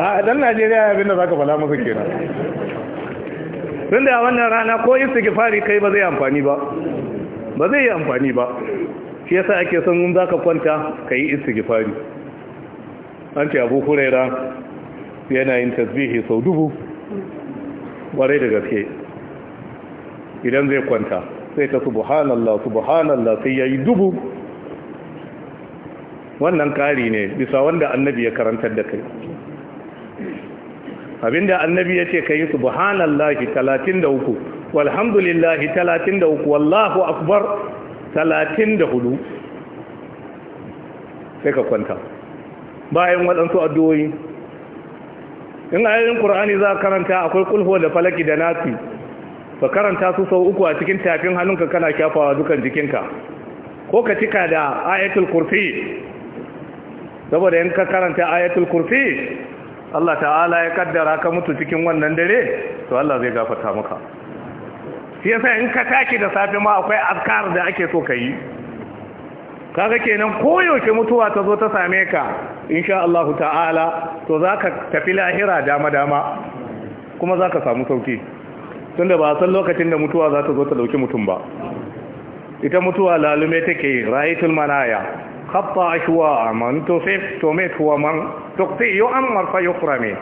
a dan najeriya abin da za ka fala masa kenan tun da wannan rana ko istighfari kai ba zai amfani ba ba zai yi amfani ba shi yasa ake son in ka kwanta ka yi istighfari an ce abu huraira yana yin tasbihi sau dubu warai da gaske idan zai kwanta sai ta subhanallah subhanallah sai ya yi dubu wannan ƙari ne bisa wanda annabi ya karantar da kai abinda annabi ya ce ka yi subhanallahi talatin da uku talatin da uku wallahu akbar talatin da hudu sai ka kwanta bayan waɗansu addu'o'i in ayoyin ƙur'ani za karanta akwai ƙulho da falaki da nasi ka karanta su sau uku a cikin tafin hannunka kana kyafawa dukan jikinka ko ka cika da ayatul kurfi saboda in ka karanta ayatul kurfi Allah ta'ala ya kaddara ka mutu cikin wannan dare to Allah zai gafarta maka shi yasa in ka taki da safe ma akwai azkar da ake so ka yi kaga kenan koyaushe mutuwa ta zo ta same ka insha Allah ta'ala to za tafi lahira dama-dama kuma za samu sauki tunda ba san lokacin da mutuwa za ta zo ta dauki mutum ba ita mutuwa lalume take rayitul manaya khatta ashwa man tusif tumit wa man tuqti yu'ammar fa yuqrami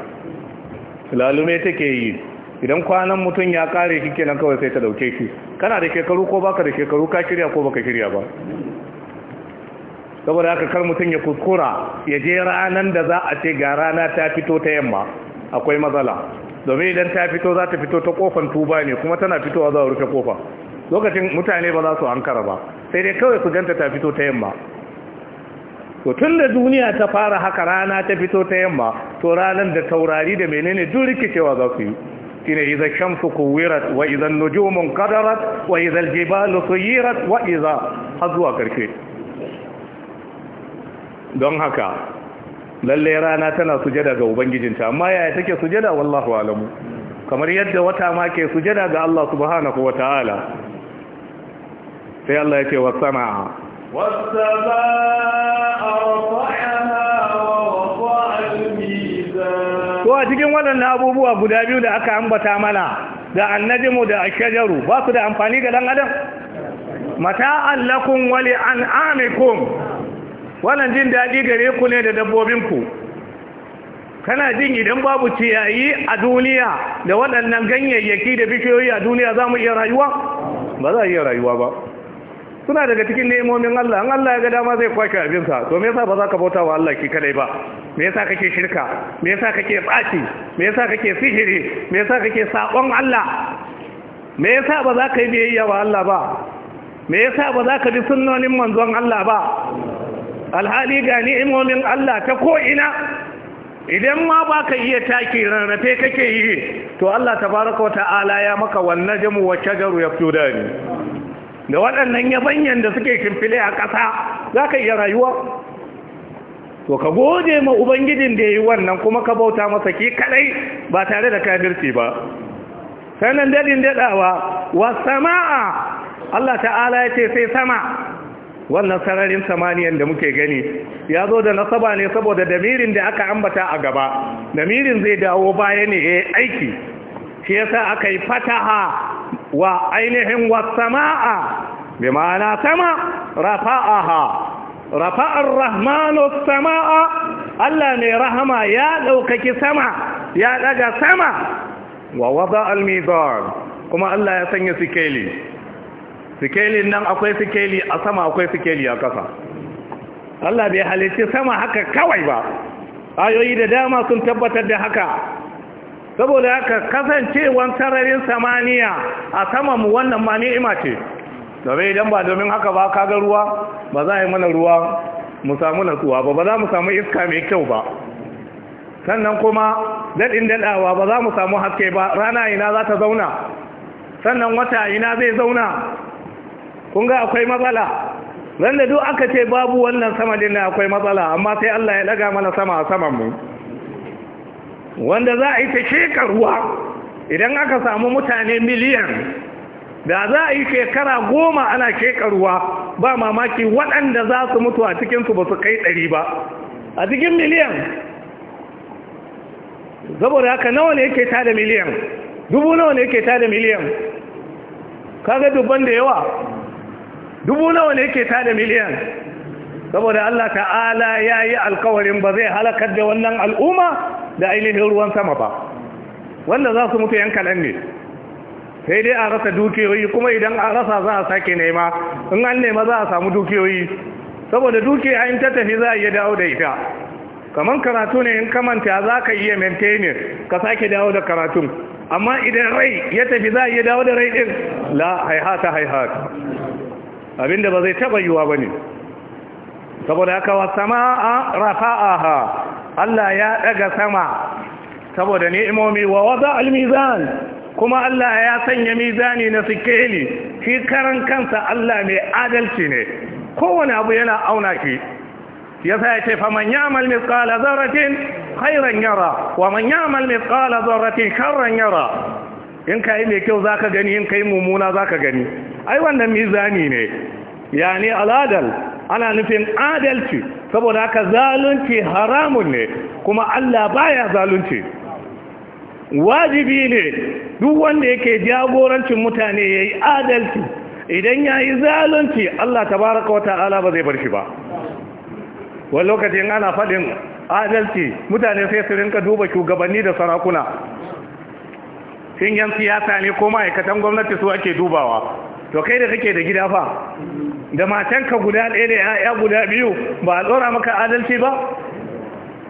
lalume take yi idan kwanan mutum ya kare shi kenan kawai sai ta dauke shi kana da shekaru ko baka da shekaru ka shirya ko baka shirya ba saboda haka kar mutum ya kuskura ya je ranan da za a ce ga rana ta fito ta yamma akwai matsala domin idan ta fito za ta fito ta kofan tuba ne kuma tana fitowa za a rufe kofa lokacin mutane ba za su hankara ba sai dai kawai su ganta ta fito ta yamma to tun da duniya ta fara haka rana ta fito ta yamma to ranar da taurari da menene duk rikicewa za su yi shine idza shamsu kuwirat wa idza nujumun qadarat wa idza aljibalu suyirat wa idza hazwa karfe. don haka lalle rana tana sujada ga ubangijinta amma yaya take sujada wallahu alamu kamar yadda wata ma ke sujada ga Allah subhanahu wataala sai Allah yake wa sama'a was sama'a rafa'aha wa rafa'a ko a cikin waɗannan abubuwa guda biyu da aka ambata mana da annajimu da ashajaru ba su da amfani ga dan adam allakun wali an ko? wannan jin daɗi gare ku ne da dabbobin ku? kana jin idan babu ciyayi a duniya da waɗannan ganyayyaki da bishiyoyi a duniya za mu iya rayuwa ba za a iya rayuwa ba suna daga cikin nemomin Allah an Allah ya ga dama zai kwashe abinsa to me yasa ba za ka bauta wa Allah ki kadai ba me yasa kake shirka me yasa kake tsaci me yasa kake sihiri me yasa kake sakon Allah me yasa ba za ka yi biyayya wa Allah ba me yasa ba za ka bi sunnonin manzon Allah ba alhali ga ni'imomin Allah ta ko ina idan ma ba ka iya taki rarrafe kake yi to Allah tabaraka wa ta'ala ya maka wannan jamu wa shajaru ya fi ni. da waɗannan yabanyan da suke shimfile a ƙasa za ka iya rayuwa to ka gode ma ubangijin da ya yi wannan kuma ka bauta masa ki kaɗai ba tare da kafirci ba sannan dadin daɗawa wa sama'a Allah ta'ala ya ce sai sama wannan sararin samaniyan da muke gani ya zo da nasaba ne saboda damirin da aka ambata a gaba damirin zai dawo baya ne ya aiki shi yasa aka yi fataha wa ainihin wasama'a bi ma'ana sama rafa'aha rafa'ar rahmanu sama'a Allah ne rahama ya ɗaukaki sama ya ɗaga sama wa wada almizar kuma Allah ya sanya sikeli sikelin nan akwai sikeli a sama akwai sikeli a ƙasa Allah bai halicci sama haka kawai ba ayoyi da dama sun tabbatar da haka saboda haka kasancewan sararin samaniya a saman mu wannan ma ni'ima ce domin idan ba domin haka ba kaga ruwa ba za a yi mana ruwa mu samu natsuwa ba ba za mu samu iska mai kyau ba sannan kuma daɗin daɗawa ba za mu samu haske ba rana ina za ta zauna sannan wata ina zai zauna kun ga akwai matsala Randa duk aka ce babu wannan sama din akwai matsala amma sai Allah ya daga mana sama a saman mu wanda za a yi ta shekarwa idan aka samu mutane miliyan da za a yi shekara goma ana shekaruwa ba mamaki waɗanda za su mutu a cikinsu ba su kai ɗari ba a cikin miliyan saboda haka nawa ne yake tada miliyan dubu nawa ne yake tada miliyan kaga dubban da yawa dubu nawa ne yake tada miliyan saboda Allah ta'ala ya yi alkawarin ba zai halakar da wannan al'umma da ainihin ruwan sama ba wanda za su mutu yanka kaɗan ne sai dai a rasa dukiyoyi kuma idan a rasa za a sake nema in an nema za a samu dukiyoyi saboda dukiya in ta tafi za a iya dawo da ita kamar karatu ne in kamanta za ka iya maintainer ka sake dawo da karatun amma idan rai ya tafi za a iya dawo da rai din la haihata haihata abinda ba zai taba yiwa ba ne saboda haka wa sama'a rafa'aha Allah ya daga sama saboda ni'imomi wa wada al-mizan kuma Allah ya sanya mizani na sikeli shi karan kansa Allah mai adalci ne kowane abu yana auna shi yasa ya ce faman yamal mithqala dharratin khairan yara wa man yamal mithqala dharratin sharran yara in kai mai kyau zaka gani in kai mummuna zaka gani ai wannan mizani ne yani al'adal ana nufin adalci saboda haka zalunci haramun ne kuma Allah baya zalunci wajibi ne duk wanda yake jagorancin mutane yayi adalci idan yayi zalunci Allah wata wata'ala ba zai bar shi ba wani lokacin ana faɗin adalci mutane sai su rinka duba shugabanni da sarakuna sun yan siyasa ne ko ma'aikatan gwamnati su ake dubawa to kai da kake da gida fa da matanka guda ɗaya da ya guda biyu ba a tsora maka adalci ba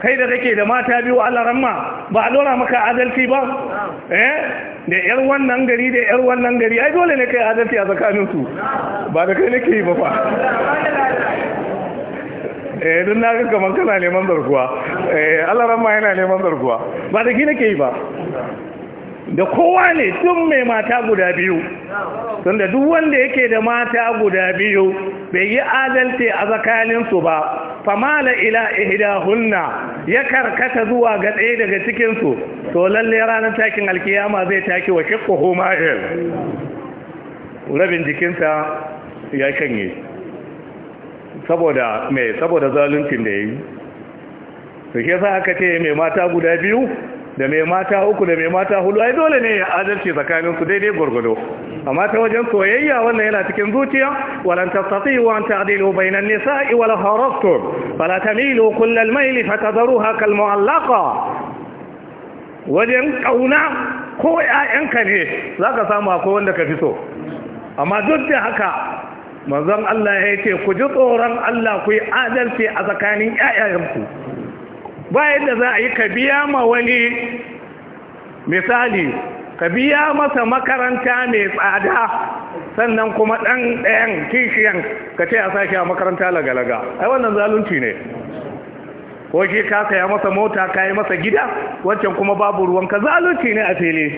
kai da kake da mata biyu a ma, ba a lura maka adalci ba eh da yar wannan gari da yar wannan gari ai dole ne kai adalci a tsakaninsu ba da kai nake yi ba fa eh don na ga kaman kana neman zarguwa. eh Allah ramma yana neman zarguwa. ba da kai nake yi ba da kowa ne tun mai mata guda biyu Sanda duk wanda yake da mata guda biyu bai yi adalci a tsakaninsu ba famala ila Hunna ya karkata zuwa ga ɗaya daga cikinsu to lalle ranar takin alkiyama zai taki wa homa rabin jikinsa ya shanye saboda mai saboda zaluncin da yayi su ke yasa aka ce mai mata guda biyu da mai mata uku da mai mata hudu ai dole ne ya adalci tsakanin su daidai gurgudo amma ta wajen soyayya wannan yana cikin zuciya walan tastati'u an ta'dilu bayna an-nisa'i wala harastum fala tamilu kull al-mayl fatadruha kal mu'allaqa wajen kauna ko ƴaƴanka ne zaka samu akwai wanda ka fi so amma duk da haka manzon Allah ya ce ku ji tsoron Allah ku yi adalci a tsakanin ƴaƴayenku bayan da za a yi ka biya ma wani misali ka biya masa makaranta mai tsada sannan kuma ɗan ɗayan kishiyan ka ce a sake a makaranta lagalaga ai wannan zalunci ne ko shi ka saya masa mota ka yi masa gida wancan kuma babu ruwan ka zalunci ne a fili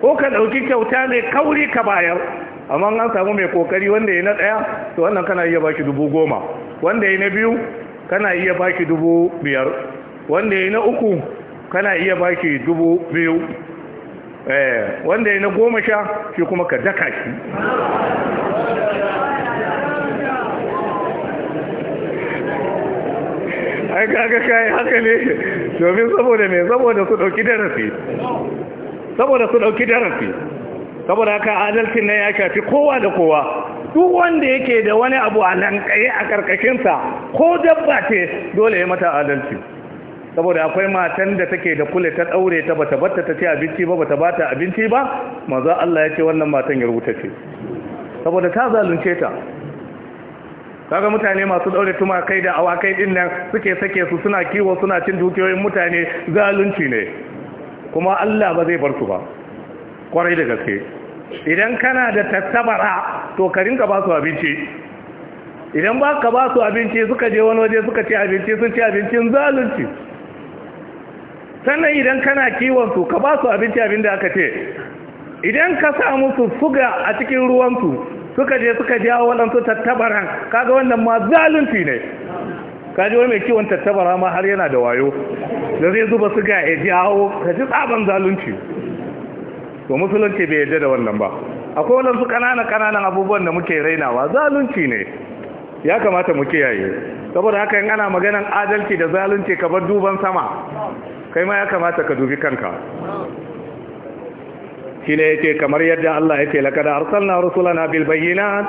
ko ka ɗauki kyauta mai kauri ka bayar amma an samu mai kokari wanda ya na ɗaya to wannan kana iya baki dubu goma wanda ya na biyu kana iya baki dubu biyar wanda ya na uku kana iya baki dubu biyu eh, wanda ya na goma sha shi kuma ka daka shi ai kaga kai haka ne domin saboda me saboda su dauki darasi saboda su dauki darasi saboda haka adalcin nan ya shafi kowa da kowa duk wanda yake da wani abu a nan a karkashinsa ko dabba ce dole ya mata adalci saboda akwai matan da take da kule ta daure ta bata batta ta ci abinci ba bata bata abinci ba manzo Allah ya wannan matan ya rubuta ce saboda ta zalunce ta kaga mutane masu daure tuma kai da awakai din nan suke sake su suna kiwo suna cin dukiyoyin mutane zalunci ne kuma Allah ba zai bar su ba kwarai da gaske idan kana da tattabara to ka rinka ba su abinci idan ba ka ba su abinci suka je wani waje suka ci abinci sun ci abincin zalunci sannan idan kana kiwonsu ka ba su abinci abin da aka ce idan ka sa musu suga a cikin ruwansu suka je suka jawo waɗansu tattabaran kaga wannan ma zalunci ne kaji wani mai kiwon tattabara ma har yana da wayo da zai zuba suga ya jawo ka ji tsaban zalunci to musulunci bai yarda da wannan ba akwai waɗansu ƙananan ƙananan abubuwan da muke rainawa zalunci ne ya kamata mu kiyaye saboda haka in ana maganan adalci da zalunci kamar duban sama kai ma ya kamata ka dubi kanka shi ne yake kamar yadda Allah ya ce lakada arsalna rusulana bil bayyinat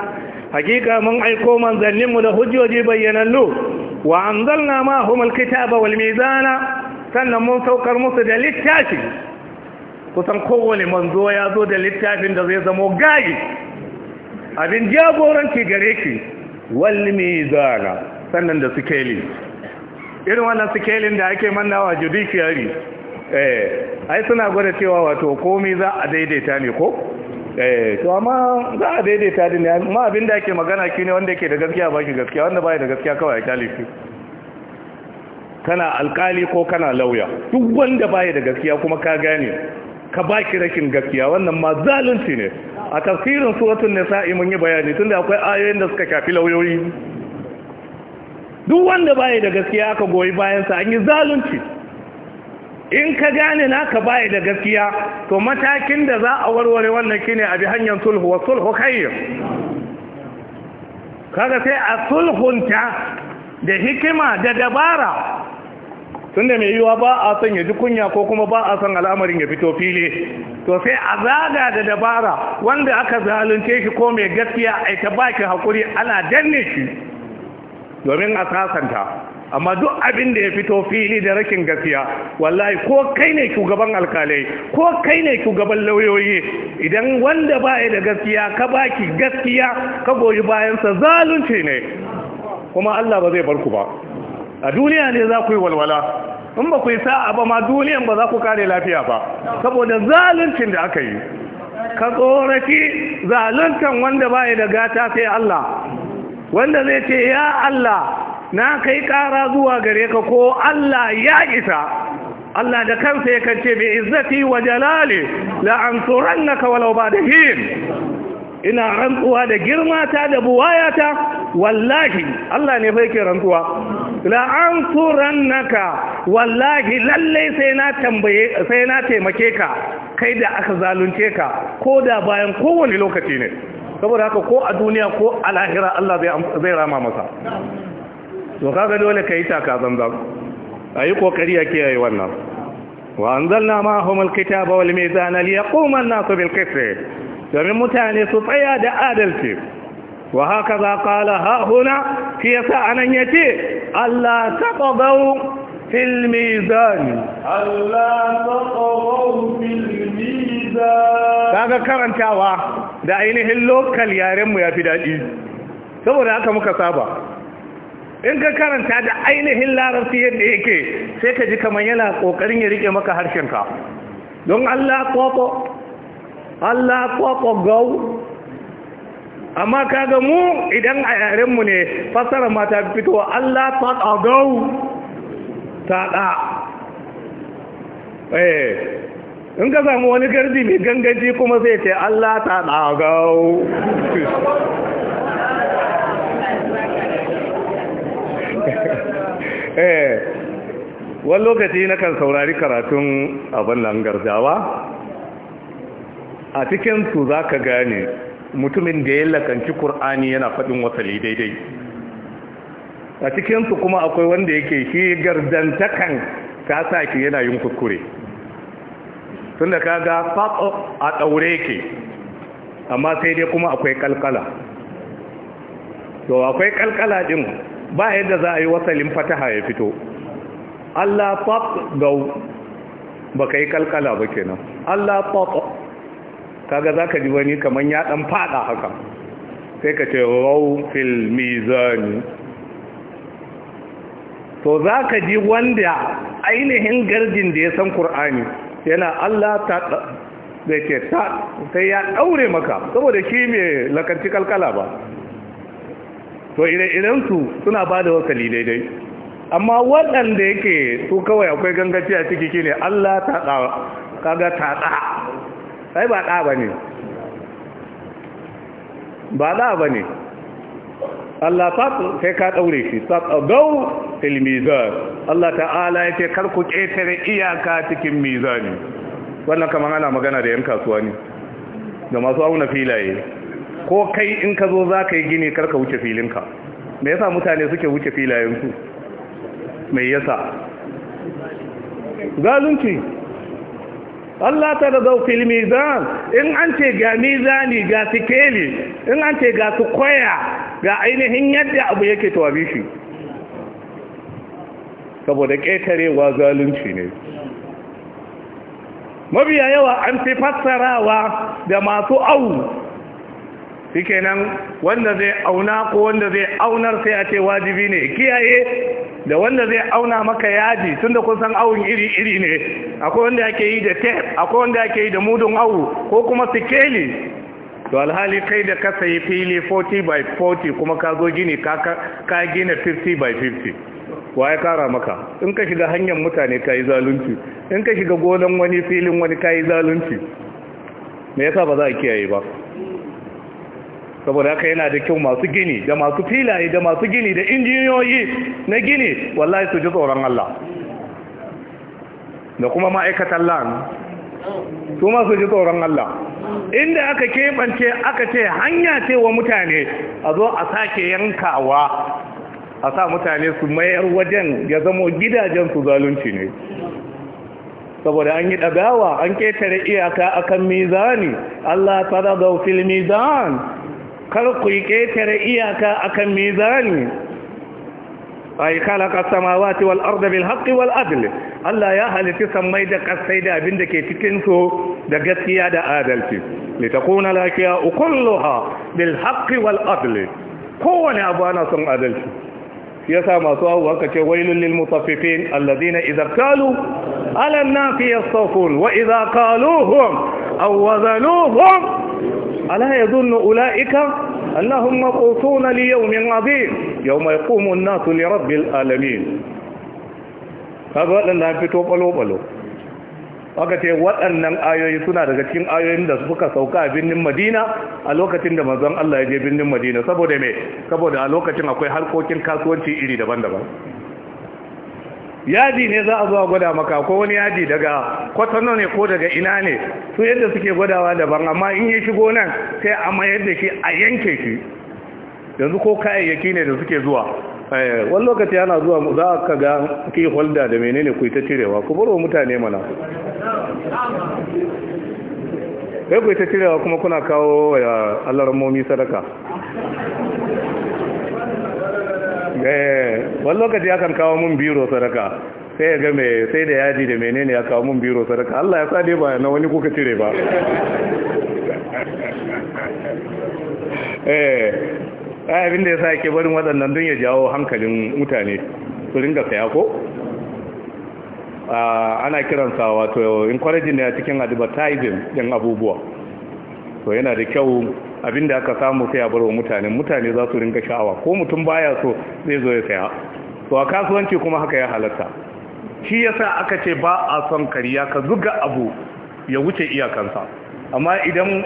hakika mun aiko mu da hujjoji bayyanannu wa anzalna ma humul kitaba wal mizana sannan mun saukar musu da littafi kusan kowane manzo ya zo da littafin da zai zamo gagi abin jagoranci gare ki wal mizana sannan da sikeli irin wannan sikelin da ake mannawa judiciary eh ai suna gwada cewa wato komai za a daidaita ne ko eh to amma za a daidaita din amma abin da ake magana kine wanda yake da gaskiya ba shi gaskiya wanda baya da gaskiya kawai ya kalifi kana alkali ko kana lauya duk wanda baya da gaskiya kuma ka gane ka baki rakin gaskiya wannan ma zalunci ne a tafsirin suratul nisa'i mun yi bayani tunda akwai ayoyin da suka kafi lauyoyi duk wanda baya da gaskiya aka goyi bayansa an yi zalunci in ka gane naka baya da gaskiya to matakin da za a warware wannan kine a bi hanyar sulhu wa sulhu khayr kaga sai a sulhunta da hikima da dabara tunda mai yiwa ba a son ya ji kunya ko kuma ba a son al'amarin ya fito fili to sai a zaga da dabara wanda aka zalunce shi ko mai gaskiya a ta baki hakuri ana danne shi domin a sasanta amma duk abin da ya fito fili da rakin gaskiya wallahi ko kai ne shugaban alkalai ko kai ne shugaban lauyoyi idan wanda ba da gaskiya ka baki gaskiya ka goyi bayansa zalunci ne kuma Allah ba zai bar ku ba a duniya ne za ku yi walwala in ba ku yi sa'a ba ma duniyan ba za ku kare lafiya ba saboda zaluncin da aka yi ka tsoraki zaluntan wanda ba da gata sai Allah wanda zai ce ya Allah na kai kara zuwa gare ka ko Allah ya isa Allah da kansa ya kance bi izzati wa jalali la an turannaka walau da ina rantsuwa da girmata da buwayata wallahi Allah ne fa ke rantsuwa la an turannaka wallahi lalle sai na tambaye sai na taimake ka kai da aka zalunce ka ko da bayan kowane lokaci ne saboda haka ko a duniya ko a lahira Allah zai rama masa to kaga dole ka yi taka zanzan a yi kokari a kiyaye wannan wa an zanna ma homar kita ba wal mai zana liya koman nasu bilkisir domin mutane su tsaya da adalci wa haka za kala hahuna ya sa anan ya ce Allah taɓa gau في الميزان ألا تطغوا في الميزان kaga karantawa da ainihin lokal yarenmu ya fi daɗi saboda haka muka saba in ka karanta da ainihin larabci yadda yake sai ka ji kamar yana ƙoƙarin ya rike maka harshenka don allah koko, allah koko gau amma kaga mu idan a yarenmu ne fassara mata fitowa allah kwakwa gau taɗa eh in ka samu wani garji mai gangaji kuma zai ce Allah ta ɗagau eh, wani lokaci na kan saurari karatun abin nan garjawa a cikinsu za ka gane mutumin da ya lakanci Kur'ani yana faɗin wasali daidai a cikinsu kuma akwai wanda yake shi gardantakan ta sa yana yin kuskure tunda kaga fatsa a daure ke amma sai dai kuma akwai kalkala to akwai kalkala din ba yadda za a yi wasalin fataha ya fito Allah fat gau baka yi kalkala ba kenan Allah fat kaga zaka ji wani kaman ya dan fada haka sai ka ce raw fil mizani to zaka ji wanda ainihin garjin da ya san Qur'ani yana Allah ta da ke ta sai ya daure maka saboda shi mai lakanci kalkala ba to ire-iren su suna ba da wakali daidai amma waɗanda yake su kawai akwai gangaci a ciki ne, Allah ta kaga ta da sai ba da bane ba da bane Allah sai ka daure shi tsagau fil mizan Allah ta'ala yace kar ku ketare iyaka cikin mizani wannan kaman ana magana da yan kasuwa ne da masu auna filaye ko kai in ka zo za ka yi gini kar ka wuce filinka me yasa mutane suke wuce filayensu me yasa zalunci Allah ta da zau fil mizan in an ce ga mizani ga sikeli in an ce ga su koya ga ainihin yadda abu yake tawabi shi saboda ƙetarewa zalunci ne mabiya yawa an fi fassarawa da masu au shike nan wanda zai auna ko wanda zai aunar sai a ce wajibi ne kiyaye da wanda zai auna maka yaji tun da kun san awun iri-iri ne akwai wanda ake yi da tef akwai wanda ake yi da mudun awu ko kuma sikeli to alhali kai da ka sayi fili 40 by 40 kuma ka zo gini ka gina 50 by 50 wa ya kara maka in ka shiga hanyar mutane ka yi zalunci in ka shiga gonan wani filin wani ka yi zalunci me yasa ba za a kiyaye ba saboda haka yana da kyau masu gini da masu filaye da masu gini da injiniyoyi na gini wallahi su ji tsoron Allah da kuma ma'aikatan lan su ma su ji tsoron Allah inda aka keɓance aka ce hanya ce wa mutane a zo a sake yankawa a sa mutane su mayar wajen ya zamo gidajen su zalunci ne saboda an yi ɗagawa an ƙetare iyaka akan mizani Allah ta fil mizan kar ku yi ƙetare iyaka akan mizani ai khalaqa samawati wal arda bil haqqi wal adl Allah ya halitta sammai da kasai da abin da ke cikin su da gaskiya da adalci li takuna lakiya kulluha bil haqqi wal adl kowane abu ana son adalci yasa masu abu aka ce wailul lil mutaffifin alladhina idza qalu ala an-nasi yastawfun wa idza qaluhum aw wazanuhum ألا يظن أولئك أنهم مبعوثون ليوم عظيم يوم يقوم الناس لرب العالمين هذا وأننا في توبلو بلو aka ce waɗannan ayoyi suna daga cikin ayoyin da suka sauka a birnin madina a lokacin da manzon Allah ya je birnin madina saboda me saboda a lokacin akwai harkokin kasuwanci iri daban-daban Yadi ne za a zuwa gwada maka ko wani yadi daga kwatano ne ko daga ina ne su yadda suke gwadawa daban amma in ya shigo nan sai a mayar da shi a yanke shi yanzu ko kayayyaki ne da suke zuwa eh, wani lokaci yana zuwa za a kaga ki holda da menene ku ta cirewa ku bar mutane mana sai ku ta cirewa kuma kuna kawo wa alarmomi sadaka Eh, wani lokaci akan kawo mun biro sadaka sai ya game sai da yaji da menene ya kawo mun biro sadaka Allah ya sade ba na wani kuka cire ba eh abin da ya sa yake barin waɗannan don ya jawo hankalin mutane su ringa saya ko ah, ana kiransa wato encouraging ne a cikin advertising ɗin abubuwa to yana da kyau Abin da aka samu sai a barwa mutane mutane za su rinka sha'awa ko mutum baya so zai zo ya saya to a kasuwanci kuma haka ya halatta shi yasa aka ce ba a son kariya ka zuga abu ya wuce iyakansa amma idan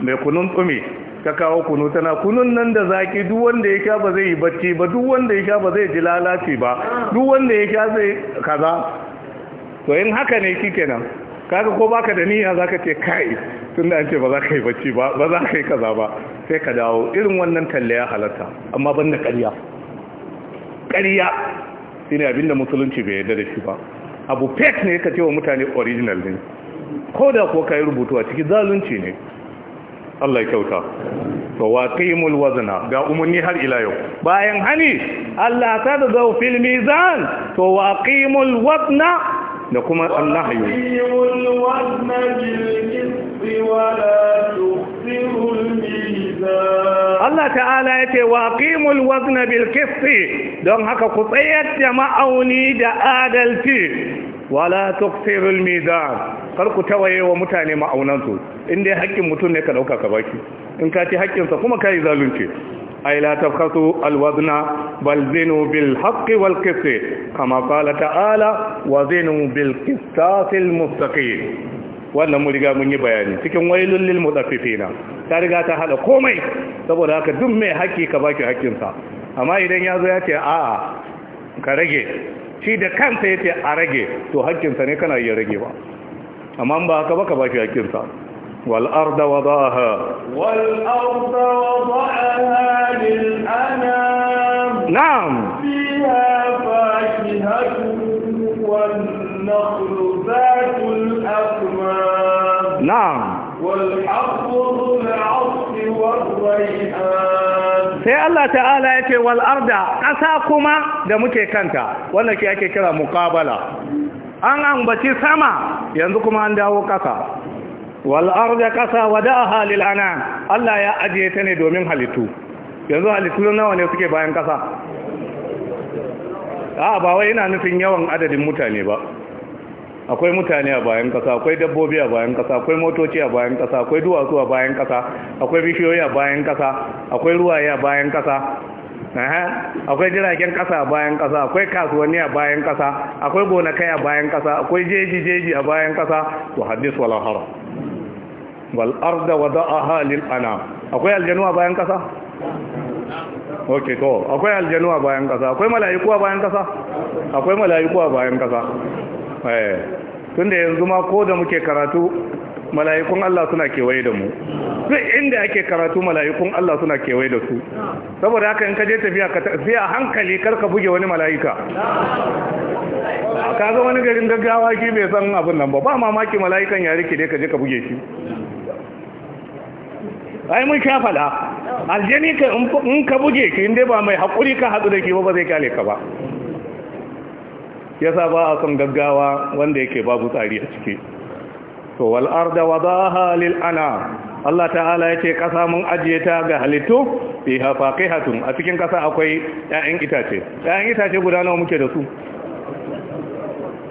mai kunun tsumi ta kawo kunu tana kunun nan da zaki duk wanda ya sha ba zai yi bacci ba duk wanda ya sha ba zai ji lalaci ba duk wanda ya sha zai kaza to in haka ne shikenan kaga ko baka da niyya zaka ce kai tunda an ce ba za ka yi bacci ba ba za ka yi kaza ba sai ka dawo irin wannan talle ya halatta amma banda ƙarya ƙarya ne abinda musulunci bai yarda da shi ba abu fake ne ka ce wa mutane original ne ko da ko kai rubutu a cikin zalunci ne Allah ya kyauta to wa qimul wazna ga umarni har ila yau bayan hani Allah ta da fil mizan to wa qimul wazna da kuma annahayu Allah ta'ala ya ce wa qimul wazna bil don haka ku tsayar da ma'auni da adalci wala tuksirul mizan kar ku tawaye wa mutane ma'aunansu in dai haƙƙin mutum ne ka ɗauka ka baki in ka ci haƙƙinsa kuma yi zalunci أي لا تبخسوا الوزن بل زنوا بالحق والقسط كما قال تعالى وزنوا بالقسطاس المستقيم wannan mun riga mun yi bayani cikin wailul lil mutaffifina ta riga ta hada komai saboda haka duk mai haƙi ka baki haƙƙinsa, amma idan ya zo ya ce a'a ka rage shi da kansa ya ce a rage to haƙƙinsa ne kana iya rage ba amma ba haka ba ka baki haƙƙinsa. والأرض وضعها والأرض وضعها للأنام نعم فيها فاكهة والنخل ذات الأكمام نعم والحب ذو والريحان sai Allah ta'ala yake wal'arda ƙasa kuma da muke kanta wanda ke ake kira muƙabala. an ambaci sama yanzu kuma an dawo ƙasa wal ƙasa qasa a halil ana Allah ya ajiye ta ne domin halittu yanzu halittu nawa ne suke bayan ƙasa? a ba wai ina nufin yawan adadin mutane ba akwai mutane a bayan ƙasa, akwai dabbobi a bayan ƙasa, akwai motoci a bayan ƙasa, akwai duwatsu a bayan ƙasa, akwai bishiyoyi a bayan ƙasa, akwai ruwaye a bayan ƙasa, akwai jiragen ƙasa a bayan ƙasa, akwai kasuwanni a bayan ƙasa, akwai gonakai a bayan ƙasa, akwai jeji jeji a bayan ƙasa, to hadis wal haram wal arda wada'aha lil anam akwai aljanu a bayan kasa ok to akwai aljanu a bayan kasa akwai mala'iku a bayan kasa akwai mala'iku a bayan kasa eh tunda yanzu ma ko da muke karatu mala'ikun Allah suna kewaye da mu duk inda ake karatu mala'ikun Allah suna kewaye da su saboda haka in ka je tafiya ka tafiya hankali kar ka buge wani mala'ika ka ga wani garin gaggawa ki bai san abin nan ba ba mamaki mala'ikan ya rike dai ka je ka buge shi ai mun sha fada aljani ka in ka buge ki inda ba mai haƙuri ka haɗu da ke ba zai kyale ka ba yasa ba a son gaggawa wanda yake babu tsari a ciki to wal arda wadaha lil ana Allah ta'ala yace kasa mun ajiye ta ga halittu bi hafaqihatun a cikin kasa akwai ƴaƴan itace ƴaƴan itace guda nawa muke da su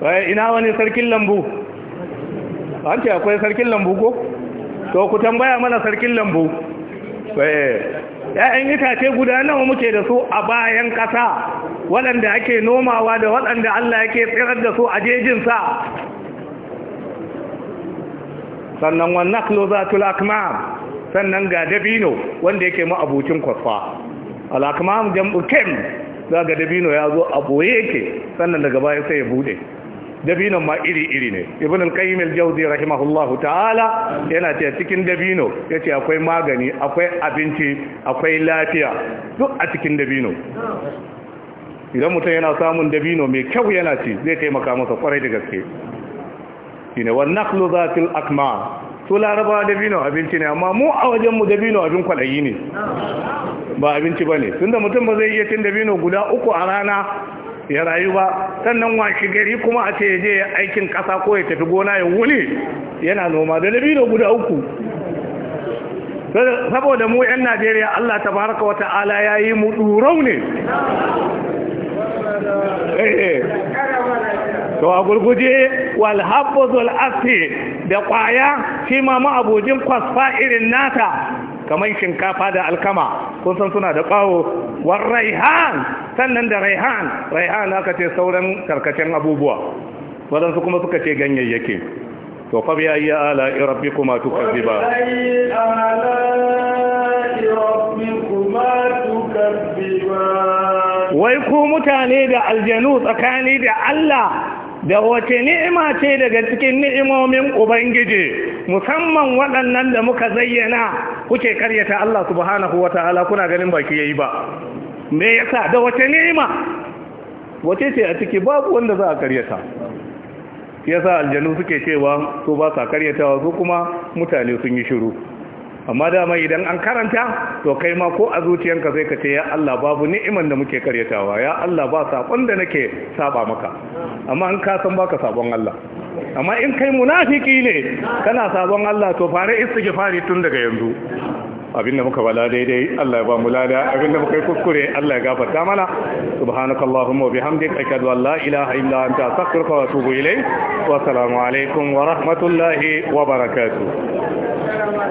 Wai ina wani sarkin lambu an ce akwai sarkin lambu ko to ku tambaya mana sarkin lambu eh, ‘ya'yan itace guda nawa muke da su a bayan ƙasa waɗanda ake nomawa da waɗanda Allah yake tsirar da su a jejinsa sannan wannan klozatul akmam sannan ga dabino wanda yake ma'abucin kwasfa al'akmam jam'u kem za ga dabino ya zo a boye yake sannan daga baya sai ya bude Dabino ma iri-iri ne ibn al-qayyim al-jawzi rahimahullahu ta'ala yana ce cikin dabino yace akwai magani akwai abinci akwai lafiya duk a cikin dabino idan mutum yana samun dabino mai kyau yana ci zai taimaka masa kwarai da gaske shine wa nakhlu zatil akma su laraba dabino abinci ne amma mu a wajenmu dabino abin kwalayi ne ba abinci ba ne tunda mutum ba zai iya cin dabino guda uku a rana ya rayu ba sannan washe gari kuma a ce ya je aikin kasa ko ya tafi gona ya wuni yana noma da da guda uku saboda mu 'yan najeriya allah ta baraka wata ala ya yi mu ɗurau ne eh, eh. to a gurguje walhabbozul asir da kwaya shi ma ma'abojin kwasfa irin nata kamar shinkafa da alkama kun san suna da kawo war raihan sannan da raihan raihan aka ce sauran karkashin abubuwa wadansu kuma suka ce ganyayyaki to fa bi ayyi ala rabbikuma tukaziba wai ku mutane da aljanu tsakani da Allah da wace ni'ima ce daga cikin ni'imomin ubangiji musamman waɗannan da muka zayyana kuke karyata Allah subhanahu wata'ala kuna ganin baki yayi ba me yasa da wace ni'ima wace ce a ciki babu wanda za a karyata yasa aljanu suke cewa su ba sa karyatawa su kuma mutane sun yi shiru amma dama idan an karanta to kai ma ko a zuciyanka zai ka ce ya Allah babu ni'iman da muke karyatawa ya Allah ba sabon da nake saba maka amma an ka san baka sabon Allah amma in kai munafiki ne kana sabon Allah to fara istighfari tun daga yanzu Abin da muka bala daidai Allah ya ba mu lada abinda muka yi kuskure Allah ya gafarta mana subhanakallahumma wa bihamdika ashhadu an la ilaha illa anta astaghfiruka wa atubu ilayk wa assalamu alaikum wa rahmatullahi wa barakatuh